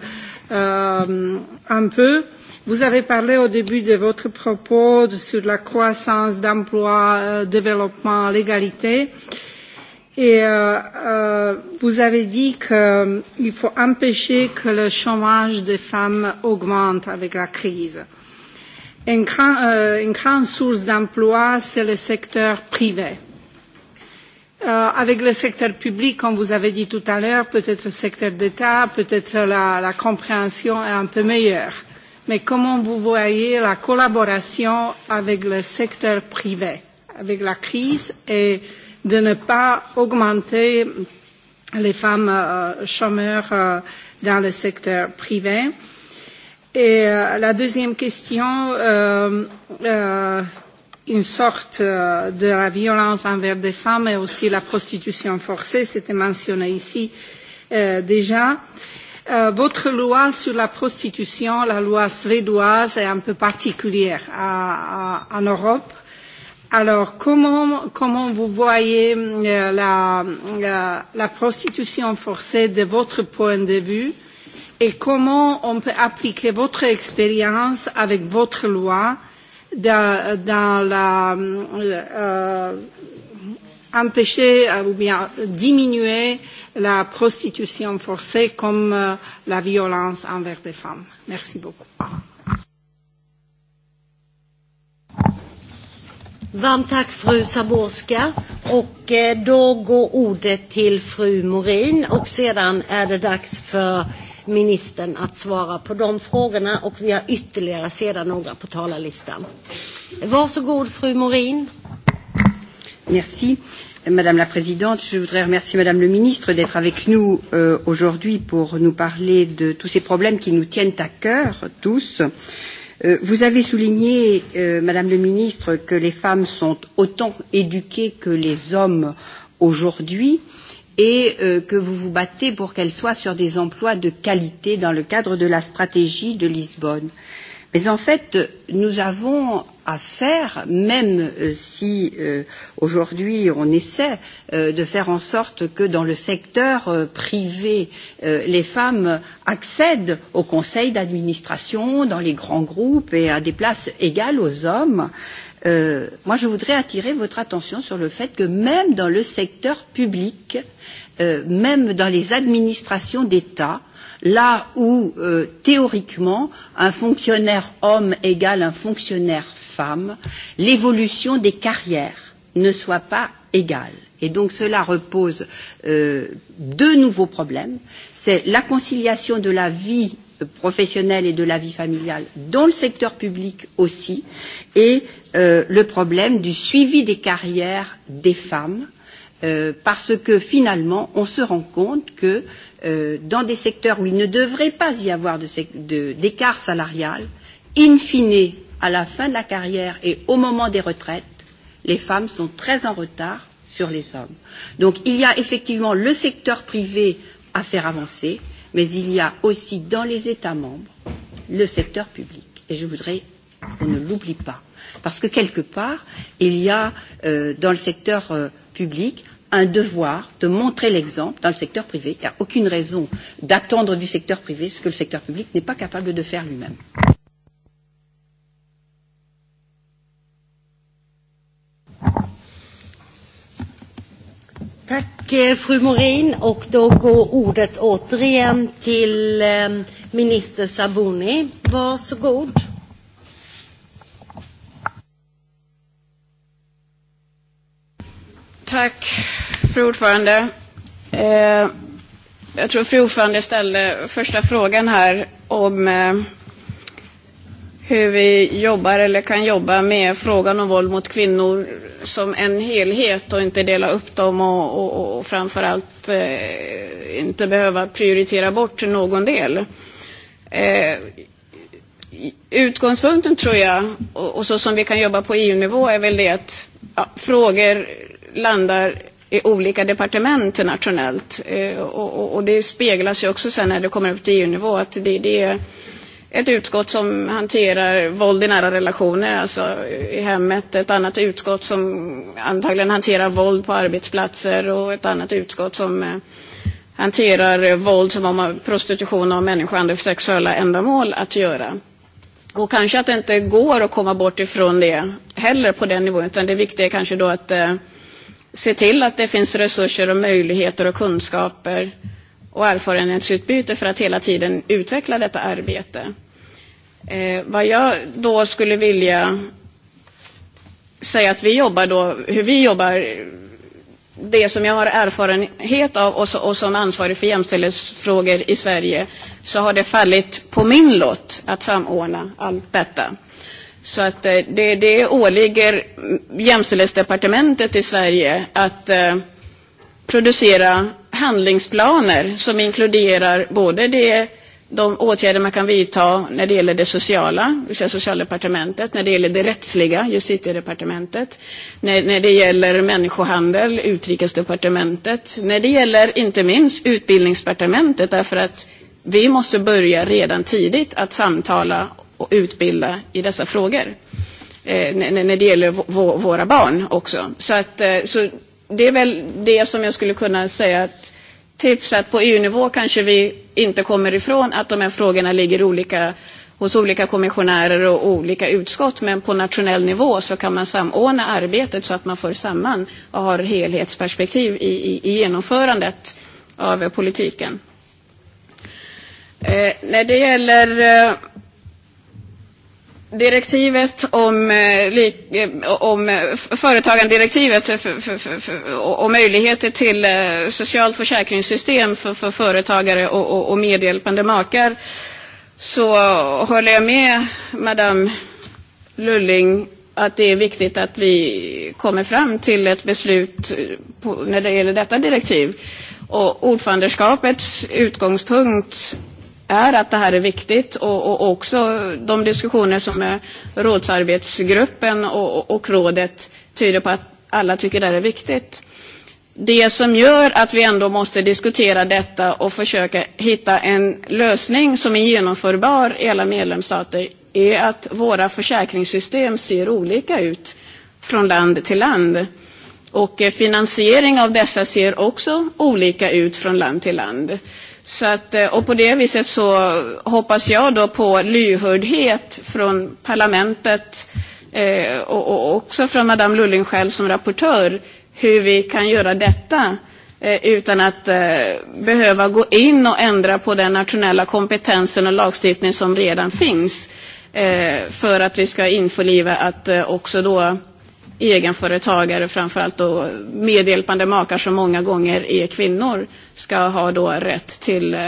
euh, un peu. Vous avez parlé au début de votre propos sur la croissance, d'emploi, euh, développement, l'égalité. Euh, Et euh, euh, vous avez dit qu'il faut empêcher que le chômage des femmes augmente avec la crise. Une, grand, euh, une grande source d'emploi, c'est le secteur privé. Euh, avec le secteur public, comme vous avez dit tout à l'heure, peut-être le secteur d'État, peut-être la, la compréhension est un peu meilleure. Mais comment vous voyez la collaboration avec le secteur privé, avec la crise et euh, de ne pas augmenter les femmes euh, chômeurs euh, dans le secteur privé. Et euh, la deuxième question, euh, euh, une sorte euh, de la violence envers des femmes et aussi la prostitution forcée, c'était mentionné ici euh, déjà. Euh, votre loi sur la prostitution, la loi suédoise, est un peu particulière à, à, en Europe. Alors, comment, comment vous voyez euh, la, la, la prostitution forcée de votre point de vue et comment on peut appliquer votre expérience avec votre loi dans, dans la, euh, empêcher euh, ou bien diminuer la prostitution forcée comme euh, la violence envers des femmes Merci beaucoup. Varmt tack fru Saborska och eh, då går ordet till fru Morin och sedan är det dags för ministern att svara på de frågorna och vi har ytterligare sedan några på talarlistan. Varsågod fru Morin. Merci. Madame la Présidente, je voudrais remercier Madame le Ministre d'être avec nous euh, aujourd'hui pour nous parler de tous ces problèmes qui nous tiennent à cœur tous. Euh, Euh, vous avez souligné, euh, Madame le Ministre, que les femmes sont autant éduquées que les hommes aujourd'hui et euh, que vous vous battez pour qu'elles soient sur des emplois de qualité dans le cadre de la stratégie de Lisbonne. Euh, Mais en fait, nous avons à faire, même euh, si euh, aujourd'hui on essaie euh, de faire en sorte que dans le secteur euh, privé, euh, les femmes accèdent au conseil d'administration, dans les grands groupes et à des places égales aux hommes. Euh, moi, je voudrais attirer votre attention sur le fait que même dans le secteur public, euh, même dans les administrations d'État, là où euh, théoriquement un fonctionnaire homme égale un fonctionnaire femme, l'évolution des carrières ne soit pas égale. Et donc cela repose euh, deux nouveaux problèmes. C'est la conciliation de la vie professionnelle et de la vie familiale dans le secteur public aussi, et euh, le problème du suivi des carrières des femmes, euh, parce que finalement, on se rend compte que euh, Euh, dans des secteurs où il ne devrait pas y avoir d'écart salarial, in fine, à la fin de la carrière et au moment des retraites, les femmes sont très en retard sur les hommes. Donc il y a effectivement le secteur privé à faire avancer, mais il y a aussi dans les États membres le secteur public. Et je voudrais qu'on ne l'oublie pas. Parce que quelque part, il y a euh, dans le secteur euh, public un devoir de montrer l'exemple dans le secteur privé. Il n'y a aucune raison d'attendre du secteur privé ce que le secteur public n'est pas capable de faire lui-même. Tack eh, fru Morin och då går ordet återigen till eh, minister Sabuni. Varsågod. Tack, fru ordförande. Eh, jag tror fru ordförande ställde första frågan här om eh, hur vi jobbar eller kan jobba med frågan om våld mot kvinnor som en helhet och inte dela upp dem och, och, och framförallt eh, inte behöva prioritera bort någon del. Eh, utgångspunkten tror jag, och, så som vi kan jobba på EU-nivå, är väl det att ja, frågor landar i olika departement nationellt. Eh, och, och, det speglas ju också sen när det kommer upp till EU-nivå att det, det är ett utskott som hanterar våld i nära relationer, alltså i hemmet, ett annat utskott som antagligen hanterar våld på arbetsplatser och ett annat utskott som eh, hanterar våld som har med prostitution och människohandel för sexuella ändamål att göra. Och kanske att det inte går att komma bort ifrån det heller på den nivån, utan det viktiga är kanske då att eh, se till att det finns resurser och möjligheter och kunskaper och erfarenhetsutbyte för att hela tiden utveckla detta arbete. Eh, vad jag då skulle vilja säga att vi jobbar då, hur vi jobbar, det som jag har erfarenhet av och, så, och som ansvarig för jämställdhetsfrågor i Sverige, så har det fallit på min lott att samordna allt detta. Så att eh, det, det åligger jämställdhetsdepartementet i Sverige att eh, producera handlingsplaner som inkluderar både det, de åtgärder man kan vidta när det gäller det sociala, det vill socialdepartementet, när det gäller det rättsliga, justitiedepartementet, när, när det gäller människohandel, utrikesdepartementet, när det gäller inte minst utbildningsdepartementet därför att vi måste börja redan tidigt att samtala och utbilda i dessa frågor eh, när det gäller våra barn också. Så, att, eh, så det är väl det som jag skulle kunna säga att tips att på EU-nivå kanske vi inte kommer ifrån att de här frågorna ligger olika hos olika kommissionärer och olika utskott, men på nationell nivå så kan man samordna arbetet så att man får samman och har helhetsperspektiv i, i, i genomförandet av politiken. Eh, när det gäller eh, direktivet om, eh, eh, om eh, företagandirektivet för, för, för, för, och möjligheter till socialt försäkringssystem för, för företagare och, och, och medhjälpande makar så håller jag med Madame Lulling att det är viktigt att vi kommer fram till ett beslut på, när det gäller detta direktiv. Och ordförandeskapets utgångspunkt är att det här är viktigt och, och också de diskussioner som är rådsarbetsgruppen och, och rådet tyder på att alla tycker det här är viktigt. Det som gör att vi ändå måste diskutera detta och försöka hitta en lösning som är genomförbar i alla medlemsstater är att våra försäkringssystem ser olika ut från land till land. Och eh, finansiering av dessa ser också olika ut från land till land. Så att, eh, och på det viset så hoppas jag då på lyhördhet från parlamentet eh, och, och också från Madame Lulling själv som rapportör hur vi kan göra detta eh, utan att eh, behöva gå in och ändra på den nationella kompetensen och lagstiftning som redan finns eh, för att vi ska införliva att eh, också då egenföretagare, framförallt och medhjälpande makar som många gånger är kvinnor, ska ha då rätt till eh,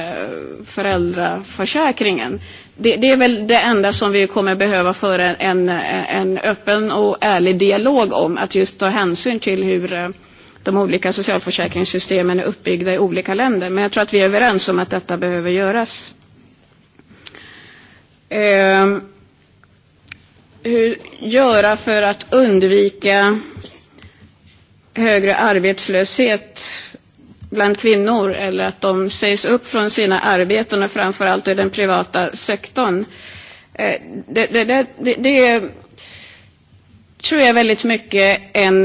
föräldraförsäkringen. Det, det är väl det enda som vi kommer behöva föra en, en öppen och ärlig dialog om, att just ta hänsyn till hur eh, de olika socialförsäkringssystemen är uppbyggda i olika länder. Men jag tror att vi är överens om att detta behöver göras. Um, hur, göra för att undvika högre arbetslöshet bland kvinnor eller att de sägs upp från sina arbeten och framförallt i den privata sektorn. Det, det, det, det, det tror jag väldigt mycket en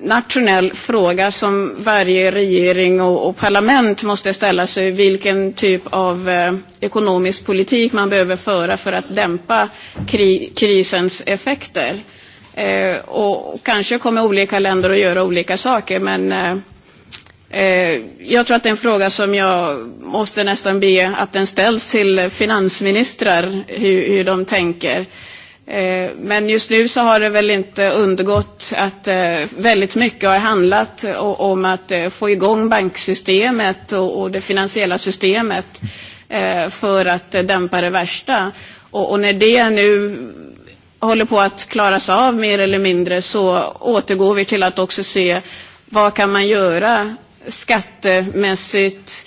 nationell fråga som varje regering och, och parlament måste ställa sig. Vilken typ av eh, ekonomisk politik man behöver föra för att dämpa kri krisens effekter. Eh, och kanske kommer olika länder att göra olika saker, men eh, eh, jag tror att det är en fråga som jag måste nästan be att den ställs till finansministrar, hur, hur de tänker. Eh, men just nu så har det väl inte undgått att eh, väldigt mycket har handlat om att få igång banksystemet och det finansiella systemet för att dämpa det värsta. Och, och när det nu håller på att klaras av mer eller mindre så återgår vi till att också se vad kan man göra skattemässigt,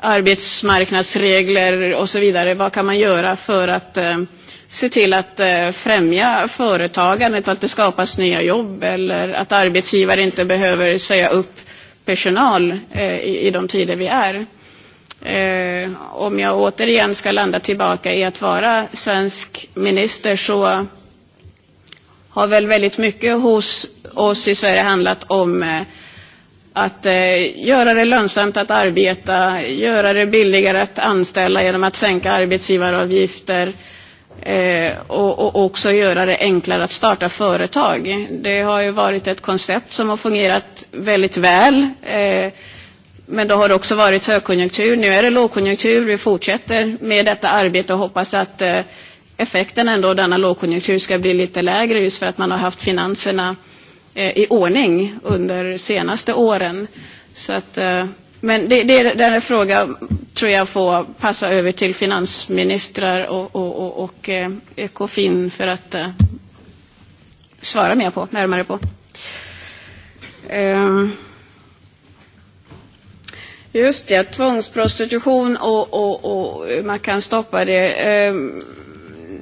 arbetsmarknadsregler och så vidare. Vad kan man göra för att eh, se till att eh, främja företagandet, att det skapas nya jobb eller att arbetsgivare inte behöver säga upp personal eh, i, i de tider vi är eh, om jag återigen ska landa tillbaka i att vara svensk minister så har väl väldigt mycket hos oss i Sverige handlat om eh, att eh, göra det lönsamt att arbeta, göra det billigare att anställa genom att sänka arbetsgivaravgifter eh, och, och också göra det enklare att starta företag. Det har ju varit ett koncept som har fungerat väldigt väl. Eh, Men då har det också varit högkonjunktur. Nu är det lågkonjunktur. Vi fortsätter med detta arbete och hoppas att eh, effekten ändå av denna lågkonjunktur ska bli lite lägre just för att man har haft finanserna eh, i ordning under senaste åren. Så att, eh, men det, det, den här frågan tror jag får passa över till finansministrar och, och, och, och Ekofin för att svara mer på, närmare på. Eh, Just det, tvångsprostitution och, och, och man kan stoppa det. Eh,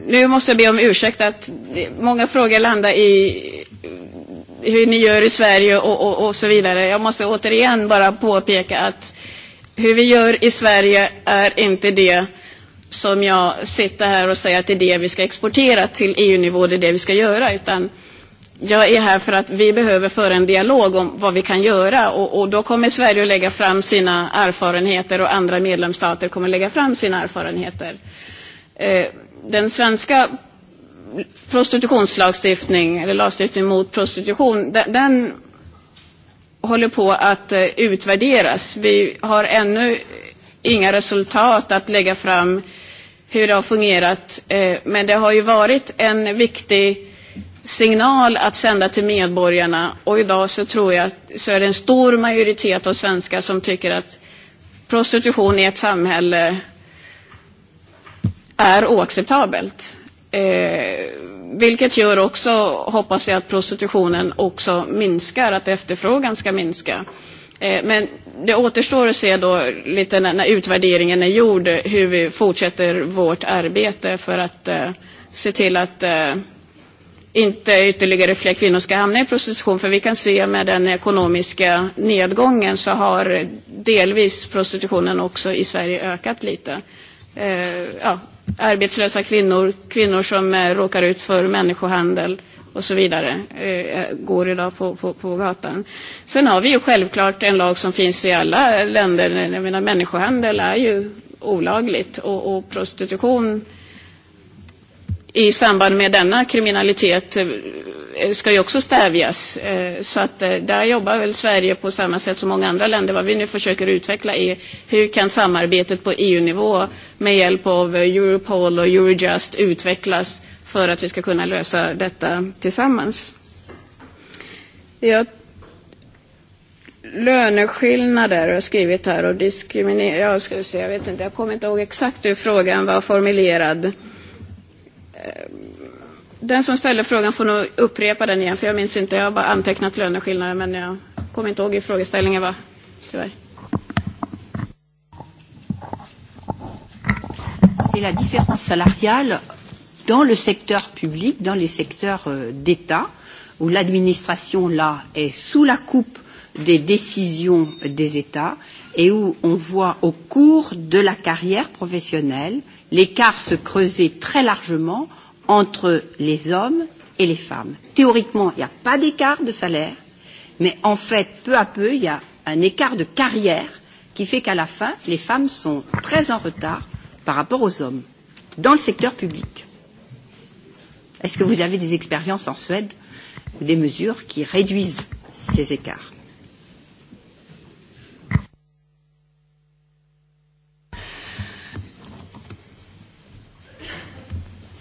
nu måste jag be om ursäkt att många frågor landar i hur ni gör i Sverige och, och, och så vidare. Jag måste återigen bara påpeka att hur vi gör i Sverige är inte det som jag sitter här och säger att det är det vi ska exportera till EU-nivå, det är det vi ska göra, utan jag är här för att vi behöver föra en dialog om vad vi kan göra och, och då kommer Sverige att lägga fram sina erfarenheter och andra medlemsstater kommer att lägga fram sina erfarenheter. Eh, den svenska prostitutionslagstiftning eller lagstiftning mot prostitution, den, den håller på att eh, utvärderas. Vi har ännu inga resultat att lägga fram hur det har fungerat, eh, men det har ju varit en viktig signal att sända till medborgarna och idag så tror jag så är det en stor majoritet av svenskar som tycker att prostitution i ett samhälle är oacceptabelt. Eh, vilket gör också, hoppas jag, att prostitutionen också minskar, att efterfrågan ska minska. Eh, men det återstår att se då lite när, när utvärderingen är gjord hur vi fortsätter vårt arbete för att eh, se till att eh, inte ytterligare fler kvinnor ska hamna i prostitution. För vi kan se med den ekonomiska nedgången så har delvis prostitutionen också i Sverige ökat lite. Eh, ja, arbetslösa kvinnor, kvinnor som eh, råkar ut för människohandel och så vidare eh, går idag på, på, på gatan. Sen har vi ju självklart en lag som finns i alla länder. Jag menar, människohandel är ju olagligt och, och prostitution eh, i samband med denna kriminalitet eh, ska ju också stävjas. Eh, så att eh, där jobbar väl Sverige på samma sätt som många andra länder. Vad vi nu försöker utveckla är hur kan samarbetet på EU-nivå med hjälp av Europol och Eurojust utvecklas för att vi ska kunna lösa detta tillsammans. Ja. löneskillnader har jag skrivit här och diskriminering. Jag ska se, jag vet inte, jag kommer inte ihåg exakt hur frågan var formulerad. Den som ställde frågan får nog upprepa den igen, för jag minns inte. Jag har bara antecknat löneskillnader, men jag kommer inte ihåg hur frågeställningen var, tyvärr. C'est la différence salariale dans le secteur public, dans les secteurs euh, d'État, où l'administration, là, est sous la coupe des décisions des États et où on voit au cours de la carrière professionnelle euh, l'écart se creusait très largement entre les hommes et les femmes. Théoriquement, il n'y a pas d'écart de salaire, mais en fait, peu à peu, il y a un écart de carrière qui fait qu'à la fin, les femmes sont très en retard par rapport aux hommes dans le secteur public. Est-ce que vous avez des expériences en Suède ou des mesures qui réduisent ces écarts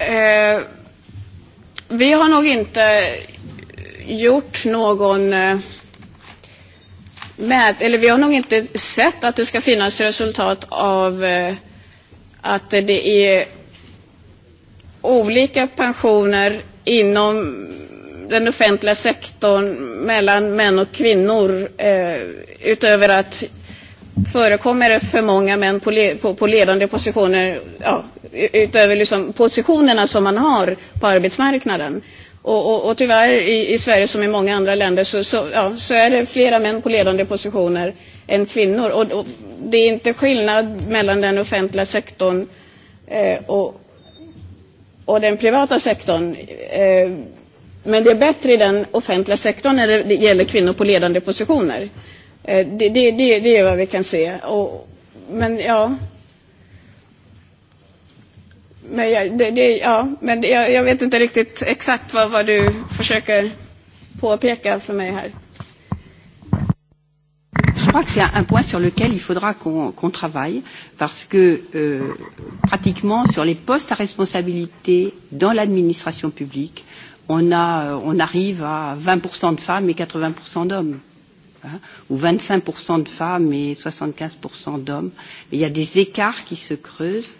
Eh, vi har nog inte eh, gjort någon eh, med, eller vi har nog inte sett att det ska finnas resultat av eh, att det är olika pensioner inom den offentliga sektorn mellan män och kvinnor eh, utöver att förekommer det för många män på, le, på, på ledande positioner ja, utöver liksom positionerna som man har på arbetsmarknaden. Och, och, och tyvärr i, i Sverige som i många andra länder så, så, ja, så är det flera män på ledande positioner än kvinnor. Och, och det är inte skillnad mellan den offentliga sektorn eh, och, och den privata sektorn. Eh, men det är bättre i den offentliga sektorn när det gäller kvinnor på ledande positioner. Eh, Eh, det, det, det, det är vad vi kan se. Och, men ja. Men, ja, det, det, ja, men jag, jag vet inte riktigt exakt vad, vad du försöker påpeka för mig här. Je crois que c'est un point sur lequel il faudra qu'on qu travaille parce que euh, pratiquement sur les postes à responsabilité dans l'administration publique, on, a, euh, on arrive à 20% de femmes et 80% d'hommes hein, où 25% de femmes et 75% d'hommes. il y a des écarts qui se creusent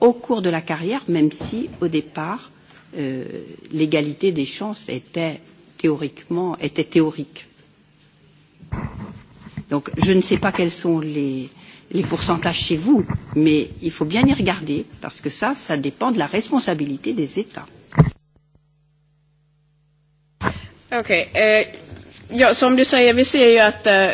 au cours de la carrière, même si au départ, euh, l'égalité des chances était théoriquement était théorique. Donc je ne sais pas quels sont les, les pourcentages chez vous, mais il faut bien y regarder parce que ça, ça dépend de la responsabilité des États. Okay, uh, ja, som du säger, vi ser ju att eh,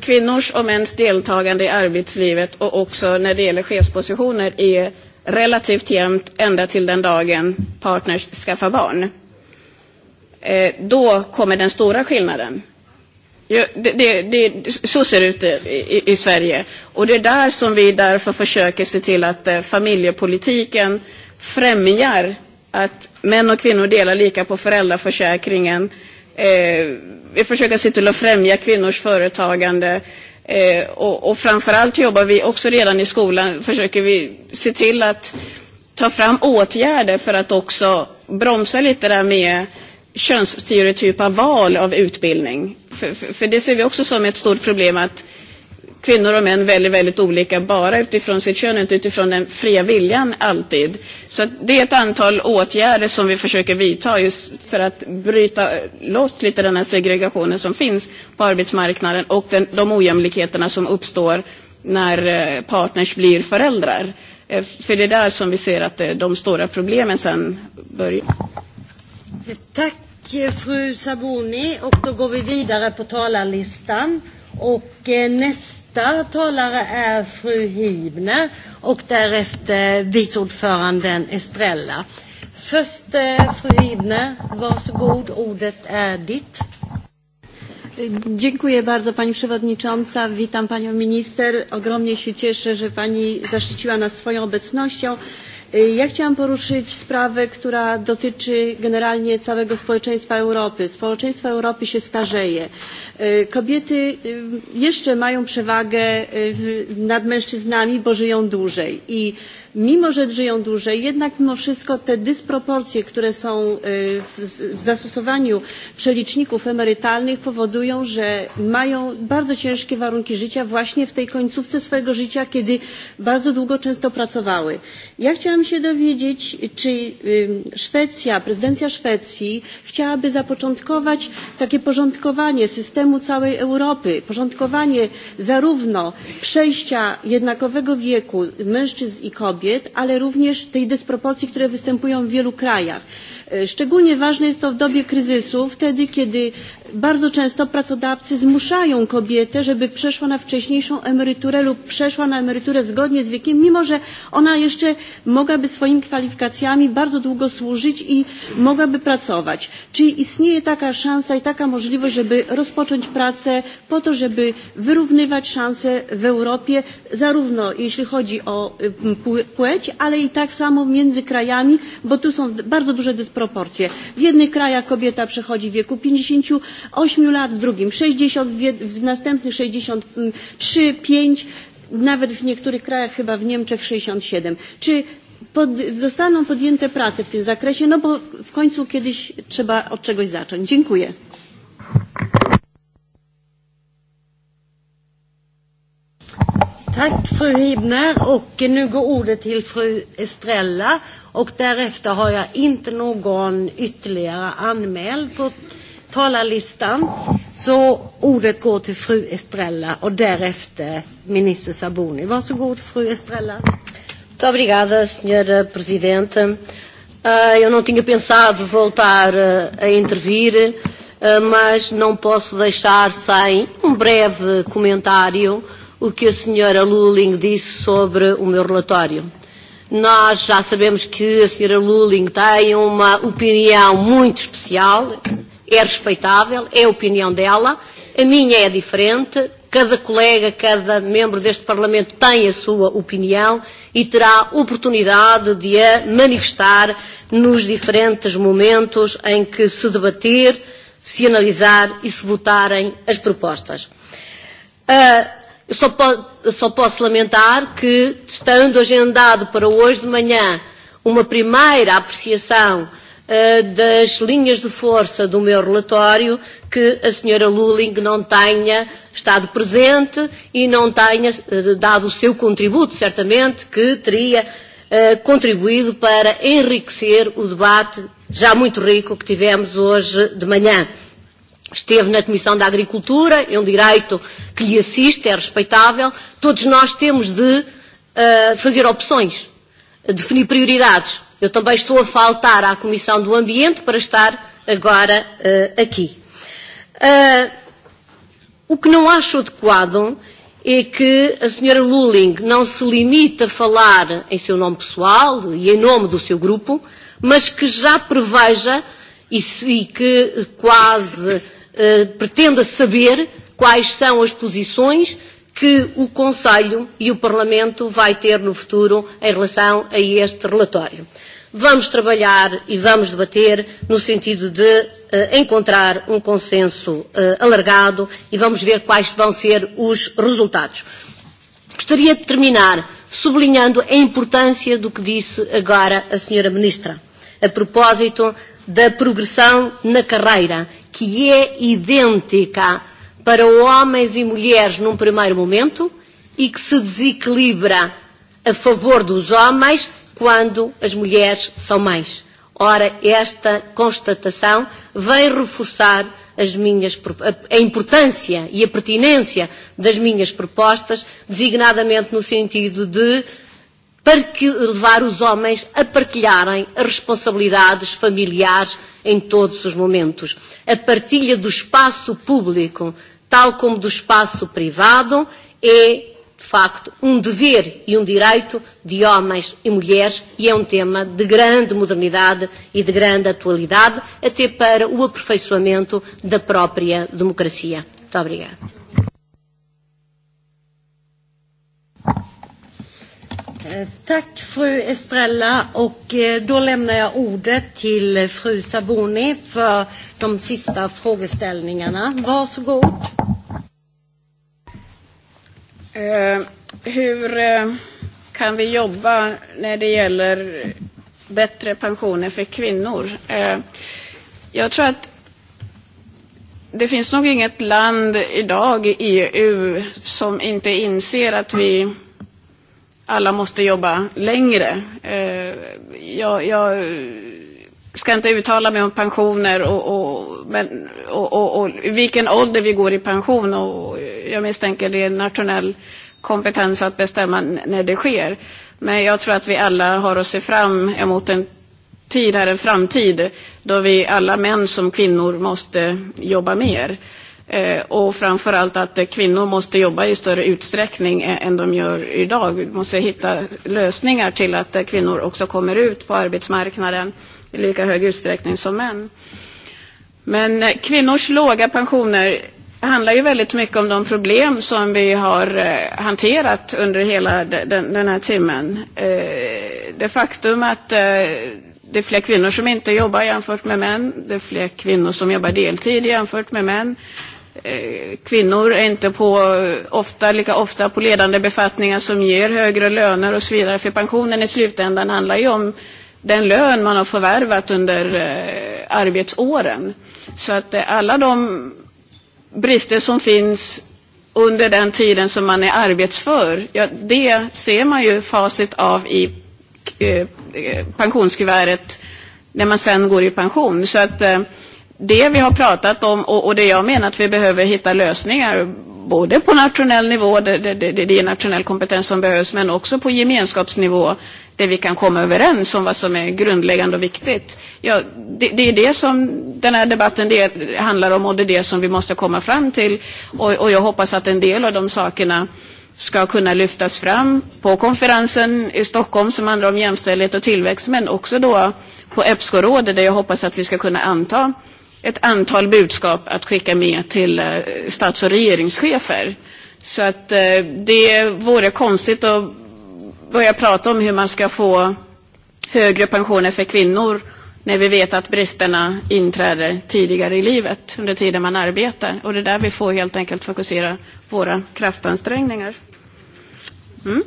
kvinnors och mäns deltagande i arbetslivet och också när det gäller chefspositioner är relativt jämnt ända till den dagen partners skaffar barn. Eh, då kommer den stora skillnaden. Ja, det, det, det, så ser det ut eh, i, i i Sverige. Och det är där som vi därför försöker se till att eh, familjepolitiken främjar att män och kvinnor delar lika på föräldraförsäkringen eh, Eh, vi försöker se till att främja kvinnors företagande. Eh, och, och framförallt jobbar vi också redan i skolan, försöker vi se till att ta fram åtgärder för att också bromsa lite där med könsstereotypa val av utbildning. För, för, för det ser vi också som ett stort problem att kvinnor och män väldigt, väldigt olika bara utifrån sitt kön, inte utifrån den fria viljan alltid. Så att det är ett antal åtgärder som vi försöker vidta just för att bryta loss lite den här segregationen som finns på arbetsmarknaden och den, de ojämlikheterna som uppstår när eh, partners blir föräldrar. Eh, för det är där som vi ser att eh, de stora problemen sen börjar. Tack fru Saboni och då går vi vidare på talarlistan. Och nästa Nästa talare är fru Hibner och därefter vice ordföranden Estrella. Först eh, fru Hibner, varsågod, ordet är ditt. Dziękuję bardzo Pani Przewodnicząca. Witam Panią Minister. Ogromnie się cieszę, że Pani zaszczyciła nas swoją obecnością. Ja chciałam poruszyć sprawę, która dotyczy generalnie całego społeczeństwa Europy. Społeczeństwo Europy się starzeje. E, kobiety e, jeszcze mają przewagę e, nad mężczyznami, bo żyją dłużej i mimo, że żyją dłużej, jednak mimo wszystko te dysproporcje, które są w zastosowaniu przeliczników emerytalnych powodują, że mają bardzo ciężkie warunki życia właśnie w tej końcówce swojego życia, kiedy bardzo długo często pracowały. Ja chciałam się dowiedzieć, czy Szwecja, prezydencja Szwecji chciałaby zapoczątkować takie porządkowanie systemu problemu całej Europy. Porządkowanie zarówno przejścia jednakowego wieku mężczyzn i kobiet, ale również tej dysproporcji, które występują w wielu krajach. E, szczególnie ważne jest to w dobie kryzysu, wtedy kiedy bardzo często pracodawcy zmuszają kobietę, żeby przeszła na wcześniejszą emeryturę lub przeszła na emeryturę zgodnie z wiekiem, mimo że ona jeszcze mogłaby swoimi kwalifikacjami bardzo długo służyć i mogłaby pracować. Czy istnieje taka szansa i taka możliwość, żeby rozpocząć pracę po to, żeby wyrównywać szanse w Europie, zarówno jeśli chodzi o płeć, ale i tak samo między krajami, bo tu są bardzo duże dysproporcje. W jednych krajach kobieta przechodzi w wieku 50 8 lat, w drugim 60, w następnych 63, 5, nawet w niektórych krajach, chyba w Niemczech 67. Czy pod, zostaną podjęte prace w tym zakresie? No bo w końcu kiedyś trzeba od czegoś zacząć. Dziękuję. Tack fru Hibner och nu går ordet till fru Estrella och därefter har jag inte någon ytterligare anmäld på talarlistan. Så ordet går till fru Estrella och därefter minister Sabuni. Varsågod fru Estrella. Muito obrigada, senhora presidente. Uh, eu não tinha pensado voltar uh, a intervir, uh, mas não posso deixar sem um breve comentário o que a senhora Luling disse sobre o meu relatório. Nós já sabemos que a senhora Luling tem uma opinião muito especial é respeitável, é a opinião dela, a minha é diferente, cada colega, cada membro deste Parlamento tem a sua opinião e terá oportunidade de a manifestar nos diferentes momentos em que se debater, se analisar e se votarem as propostas. Uh, eu só, po só posso lamentar que, estando agendado para hoje de manhã uma primeira apreciação uh, Eh, das linhas de força do meu relatório que a senhora Luling não tenha estado presente e não tenha eh, dado o seu contributo, certamente, que teria eh, contribuído para enriquecer o debate já muito rico que tivemos hoje de manhã. Esteve na Comissão da Agricultura, é um direito que lhe assiste, é respeitável. Todos nós temos de uh, fazer opções, definir prioridades. Eu também estou a faltar à Comissão do Ambiente para estar agora uh, aqui. Uh, o que não acho adequado é que a senhora Luling não se limite a falar em seu nome pessoal e em nome do seu grupo, mas que já preveja e, se, e que quase uh, pretenda saber quais são as posições que o Conselho e o Parlamento vai ter no futuro em relação a este relatório vamos trabalhar e vamos debater no sentido de uh, encontrar um consenso uh, alargado e vamos ver quais vão ser os resultados. Gostaria de terminar sublinhando a importância do que disse agora a Senhora Ministra, a propósito da progressão na carreira, que é idêntica para homens e mulheres num primeiro momento e que se desequilibra a favor dos homens quando as mulheres são mães. Ora, esta constatação vem reforçar as minhas, a importância e a pertinência das minhas propostas, designadamente no sentido de para que levar os homens a partilharem as responsabilidades familiares em todos os momentos. A partilha do espaço público, tal como do espaço privado, é facto, um dever e um direito de homens e mulheres e é um tema de grande modernidade e de grande atualidade, até para o aperfeiçoamento da própria democracia. Muito obrigada. Eh, tack fru Estrella och eh, då lämnar jag ordet till eh, fru Saboni för de sista frågeställningarna. Varsågod. Eh, hur eh, kan vi jobba när det gäller bättre pensioner för kvinnor? Eh, jag tror att det finns nog inget land idag i EU som inte inser att vi alla måste jobba längre. Jag, jag ska inte uttala mig om pensioner och, och, men, och, och, och vilken ålder vi går i pension och jag misstänker det är en nationell kompetens att bestämma när det sker. Men jag tror att vi alla har att se fram emot en tid här, en framtid, då vi alla män som kvinnor måste jobba mer. Eh, och framförallt att kvinnor måste jobba i större utsträckning än, de gör idag. Vi måste hitta lösningar till att kvinnor också kommer ut på arbetsmarknaden i lika hög utsträckning som män. Men eh, kvinnors låga pensioner handlar ju väldigt mycket om de problem som vi har eh, hanterat under hela den, den här timmen. Eh, det faktum att eh, det är fler kvinnor som inte jobbar jämfört med män. Det är fler kvinnor som jobbar deltid jämfört med män. Kvinnor är inte på, ofta, lika ofta på ledande befattningar som ger högre löner och så vidare. För pensionen i slutändan handlar ju om den lön man har förvärvat under arbetsåren. Så att alla de brister som finns under den tiden som man är arbetsför, ja, det ser man ju facit av i eh, eh, pensionskuvertet när man sen går i pension. Så att eh, det vi har pratat om och, det jag menar att vi behöver hitta lösningar både på nationell nivå, det är nationell kompetens som behövs, men också på gemenskapsnivå det vi kan komma överens om vad som är grundläggande och viktigt. Ja, det, det är det som den här debatten det handlar om och det är det som vi måste komma fram till. Och, och jag hoppas att en del av de sakerna ska kunna lyftas fram på konferensen i Stockholm som handlar om jämställdhet och tillväxt men också då på EPSCO-rådet där jag hoppas att vi ska kunna anta ett antal budskap att skicka med till eh, stats och regeringschefer. Så att eh, det vore konstigt att börja prata om hur man ska få högre pensioner för kvinnor när vi vet att bristerna inträder tidigare i livet, under tiden man arbetar. Och det är där vi får helt enkelt fokusera våra kraftansträngningar. Mm.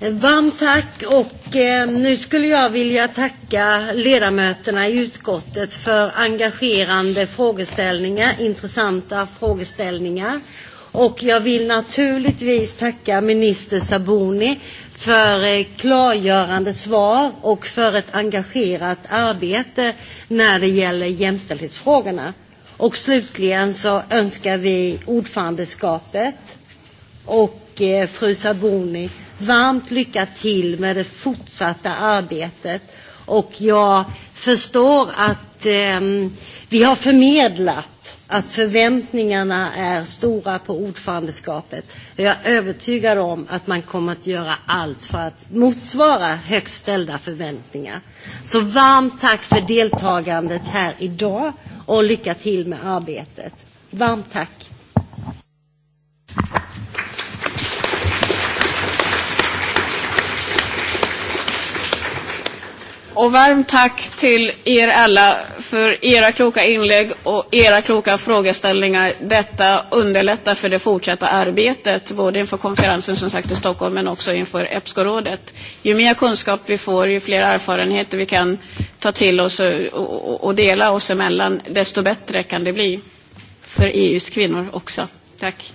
Eh, varmt tack och eh, nu skulle jag vilja tacka ledamöterna i utskottet för engagerande frågeställningar, intressanta frågeställningar Och jag vill naturligtvis tacka minister Saboni för eh, klargörande svar och för ett engagerat arbete när det gäller jämställdhetsfrågorna. Och slutligen så önskar vi ordförandeskapet och eh, fru Saboni varmt lycka till med det fortsatta arbetet. Och jag förstår att eh, vi har förmedlat att förväntningarna är stora på ordförandeskapet. Jag är övertygad om att man kommer att göra allt för att motsvara högt ställda förväntningar. Så varmt tack för deltagandet här idag och lycka till med arbetet. Varmt tack! Och varmt tack till er alla för era kloka inlägg och era kloka frågeställningar. Detta underlättar för det fortsatta arbetet, både inför konferensen som sagt i Stockholm men också inför EPSCO-rådet. Ju mer kunskap vi får, ju fler erfarenheter vi kan ta till oss och, och dela oss emellan, desto bättre kan det bli för EUs kvinnor också. Tack.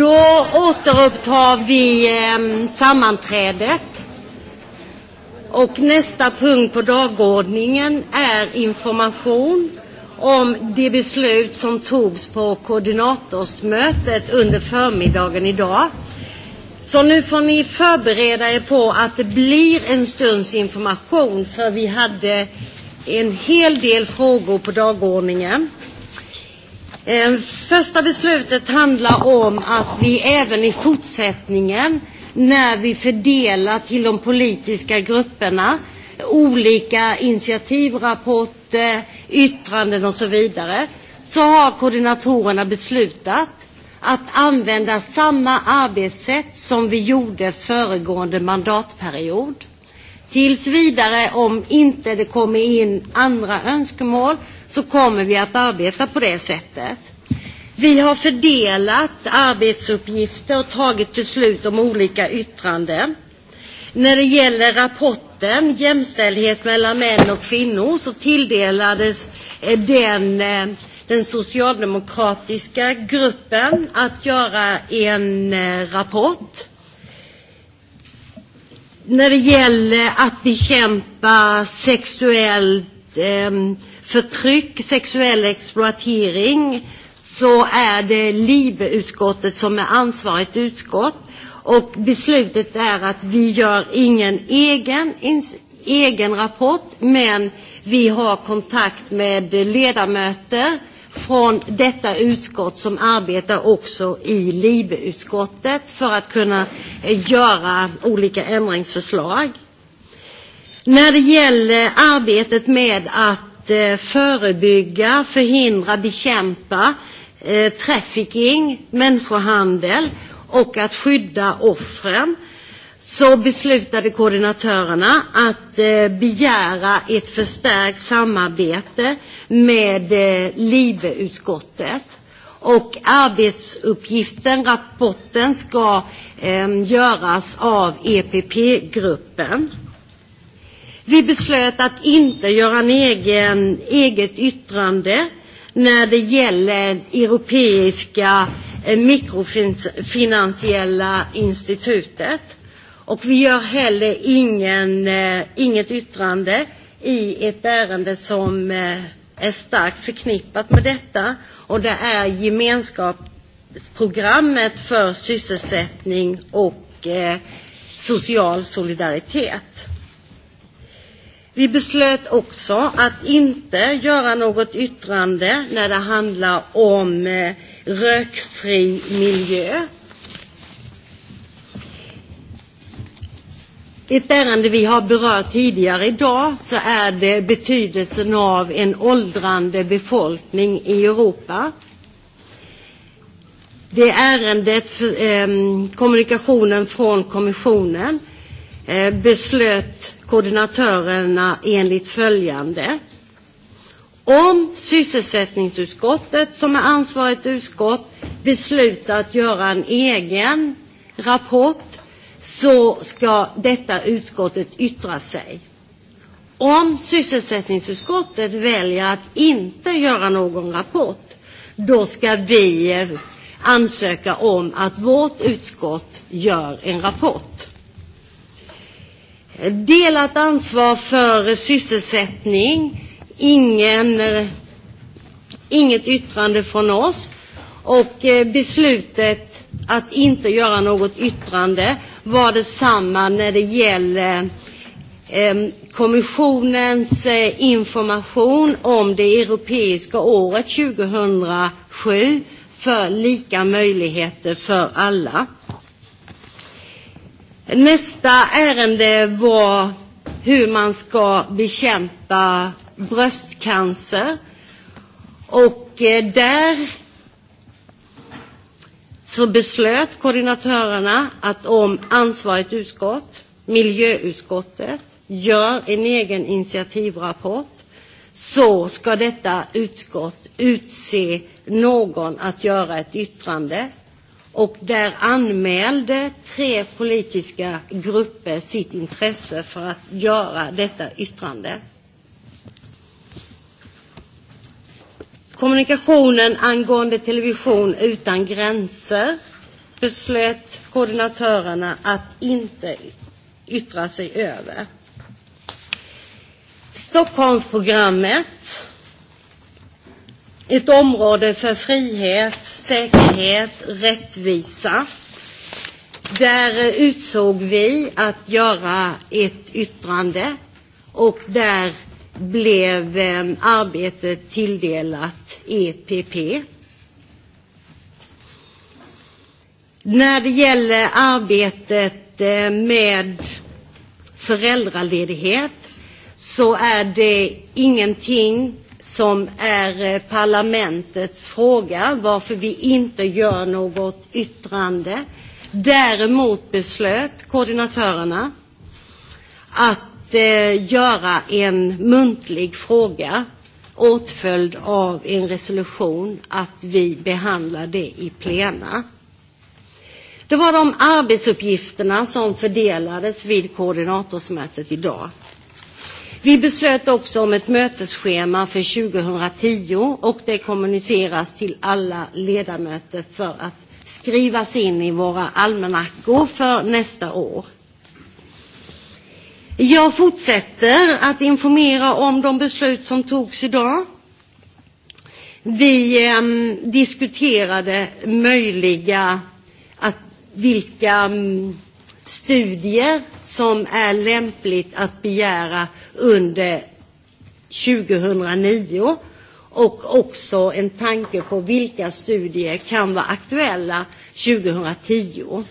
Då återupptar vi ehm, sammanträdet. Och nästa punkt på dagordningen är information om det beslut som togs på koordinatorsmötet under förmiddagen idag. Så nu får ni förbereda er på att det blir en stunds information för vi hade en hel del frågor på dagordningen. Ehm, första beslutet handlar om att vi även i fortsättningen när vi fördelar till de politiska grupperna olika initiativrapporter, yttranden och så vidare så har koordinatorerna beslutat att använda samma arbetssätt som vi gjorde föregående mandatperiod. Tills vidare, om inte det kommer in andra önskemål, så kommer vi att arbeta på det sättet. Vi har fördelat arbetsuppgifter och tagit beslut om olika yttranden. När det gäller rapporten Jämställdhet mellan män och kvinnor så tilldelades eh, den, eh, den socialdemokratiska gruppen att göra en eh, rapport. När det gäller att bekämpa sexuellt eh, förtryck, sexuell exploatering så är det LIB-utskottet som är ansvarigt utskott och beslutet är att vi gör ingen egen, ins, egen rapport men vi har kontakt med ledamöter från detta utskott som arbetar också i LIB-utskottet för att kunna eh, göra olika ändringsförslag. När det gäller arbetet med att att eh, förebygga, förhindra, bekämpa eh, trafficking, människohandel och att skydda offren så beslutade koordinatörerna att eh, begära ett förstärkt samarbete med LIBE-utskottet. Och arbetsuppgiften, rapporten, ska göras av EPP-gruppen. Vi beslöt att inte göra en egen, eget yttrande när det gäller Europeiska eh, mikrofinansiella institutet. Och vi gör heller ingen, eh, inget yttrande i ett ärende som eh, är starkt förknippat med detta. Och det är gemenskapsprogrammet för sysselsättning och eh, social solidaritet. Vi beslöt också att inte göra något yttrande när det handlar om eh, rökfri miljö. Ett ärende vi har berört tidigare idag så är det betydelsen av en åldrande befolkning i Europa. Det ärendet, för, eh, kommunikationen från kommissionen, eh, beslöt koordinatörerna enligt följande. Om sysselsättningsutskottet, som är ansvarigt utskott, beslutar att göra en egen rapport så ska detta utskottet yttra sig. Om sysselsättningsutskottet väljer att inte göra någon rapport, då ska vi ansöka om att vårt utskott gör en rapport. Delat ansvar för sysselsättning. Ingen, eh, inget yttrande från oss. Och eh, beslutet att inte göra något yttrande var detsamma när det gäller eh, kommissionens information om det europeiska året 2007 för lika möjligheter för alla. Nästa ärende var hur man ska bekämpa bröstcancer. Och eh, där så beslöt koordinatörerna att om ansvarigt utskott, miljöutskottet, gör en egen initiativrapport så ska detta utskott utse någon att göra ett yttrande Och där anmälde tre politiska grupper sitt intresse för att göra detta yttrande. Kommunikationen angående television utan gränser beslöt koordinatörerna att inte yttra sig över. Stockholmsprogrammet, ett område för frihet, säkerhet, rättvisa. Där utsåg vi att göra ett yttrande och där blev eh, arbetet tilldelat EPP. När det gäller arbetet eh, med föräldraledighet så är det ingenting som är eh, parlamentets fråga, varför vi inte gör något yttrande. Däremot beslöt koordinatörerna att eh, göra en muntlig fråga åtföljd av en resolution att vi behandlar det i plena. Det var de arbetsuppgifterna som fördelades vid koordinatorsmötet idag. Vi beslöt också om ett mötesschema för 2010 och det kommuniceras till alla ledamöter för att skrivas in i våra almanackor för nästa år. Jag fortsätter att informera om de beslut som togs idag. Vi eh, diskuterade möjliga att vilka ehm, studier som är lämpligt att begära under 2009 och också en tanke på vilka studier kan vara aktuella 2010.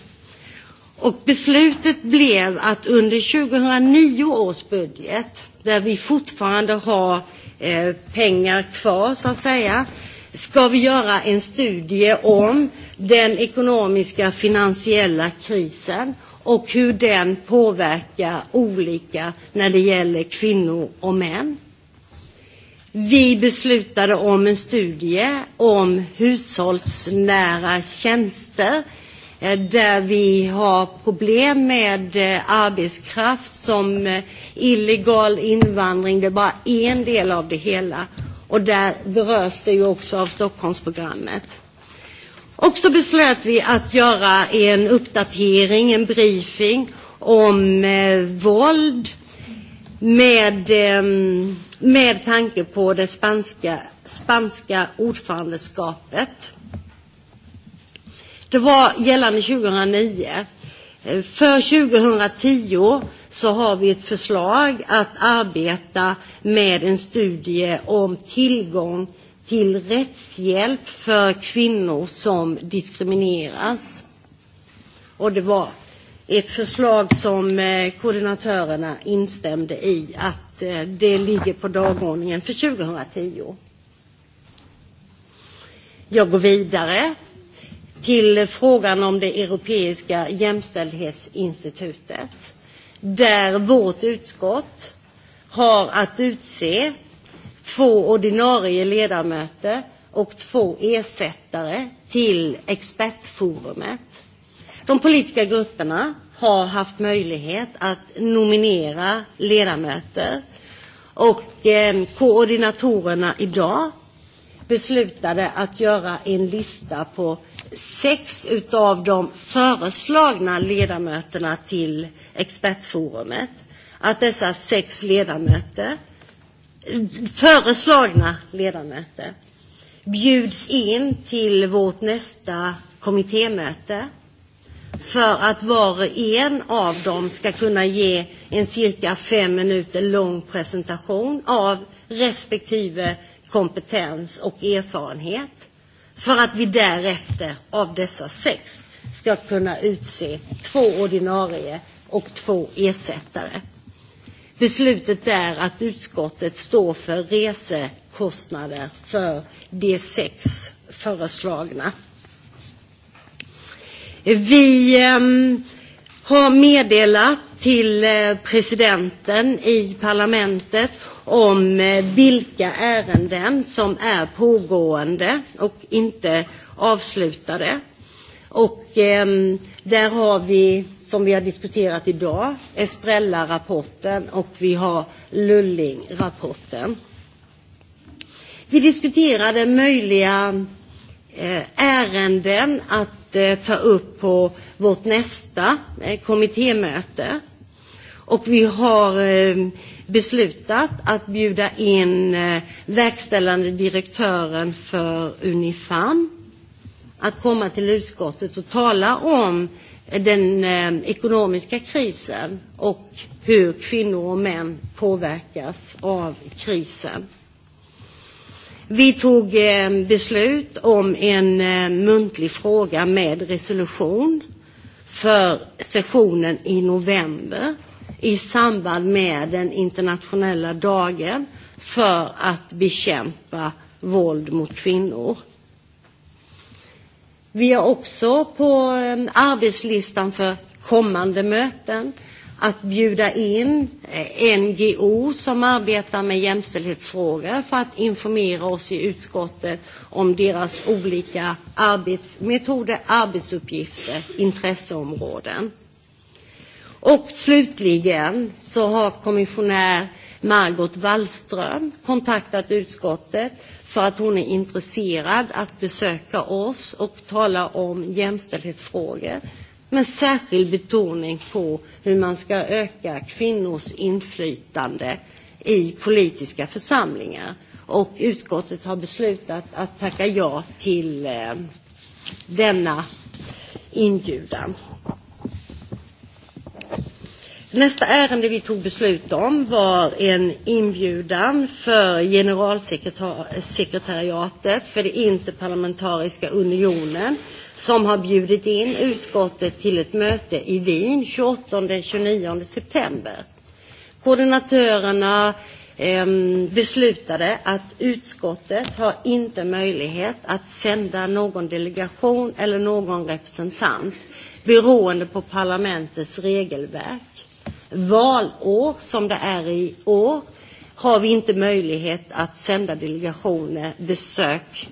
Och beslutet blev att under 2009 års budget, där vi fortfarande har eh, pengar kvar så att säga, ska vi göra en studie om den ekonomiska finansiella krisen och hur den påverkar olika när det gäller kvinnor och män. Vi beslutade om en studie om hushållsnära tjänster eh, där vi har problem med eh, arbetskraft som eh, illegal invandring. Det är bara en del av det hela. Och där berörs det ju också av Stockholmsprogrammet. Och så beslöt vi att göra en uppdatering, en briefing om eh, våld med, eh, med tanke på det spanska, spanska ordförandeskapet. Det var gällande 2009. Eh, för 2010 så har vi ett förslag att arbeta med en studie om tillgång till rättshjälp för kvinnor som diskrimineras. Och det var ett förslag som eh, koordinatörerna instämde i att eh, det ligger på dagordningen för 2010. Jag går vidare till frågan om det europeiska jämställdhetsinstitutet där vårt utskott har att utse två ordinarie ledamöter och två ersättare till expertforumet. De politiska grupperna har haft möjlighet att nominera ledamöter och eh, koordinatorerna idag beslutade att göra en lista på sex utav de föreslagna ledamöterna till expertforumet. Att dessa sex ledamöter föreslagna ledamöter bjuds in till vårt nästa kommittémöte för att var och en av dem ska kunna ge en cirka fem minuter lång presentation av respektive kompetens och erfarenhet för att vi därefter av dessa sex ska kunna utse två ordinarie och två ersättare. Beslutet är att utskottet står för resekostnader för de sex föreslagna. Vi ehm, har meddelat till eh, presidenten i parlamentet om eh, vilka ärenden som är pågående och inte avslutade. Och ehm, Där har vi, som vi har diskuterat idag, Estrella-rapporten och vi har Lulling-rapporten. Vi diskuterade möjliga eh, ärenden att eh, ta upp på vårt nästa eh, kommittémöte. Och vi har beslutat att bjuda in verkställande direktören för Unifam att komma till utskottet och tala om den eh, ekonomiska krisen och hur kvinnor och män påverkas av krisen. Vi tog eh, beslut om en eh, muntlig fråga med resolution för sessionen i november i samband med den internationella dagen för att bekämpa våld mot kvinnor. Vi har också på ehm, arbetslistan för kommande möten att bjuda in eh, NGO som arbetar med jämställdhetsfrågor för att informera oss i utskottet om deras olika arbetsmetoder, arbetsuppgifter, intresseområden. Och slutligen så har kommissionär Margot Wallström kontaktat utskottet för att hon är intresserad att besöka oss och tala om jämställdhetsfrågor med särskild betoning på hur man ska öka kvinnors inflytande i politiska församlingar. Och utskottet har beslutat att tacka ja till eh, denna inbjudan. Nästa ärende vi tog beslut om var en inbjudan för generalsekretariatet för det interparlamentariska unionen som har bjudit in utskottet till ett möte i Wien 28-29 september. Koordinatörerna eh, beslutade att utskottet har inte möjlighet att sända någon delegation eller någon representant beroende på parlamentets regelverk valår som det är i år har vi inte möjlighet att sända delegationer besök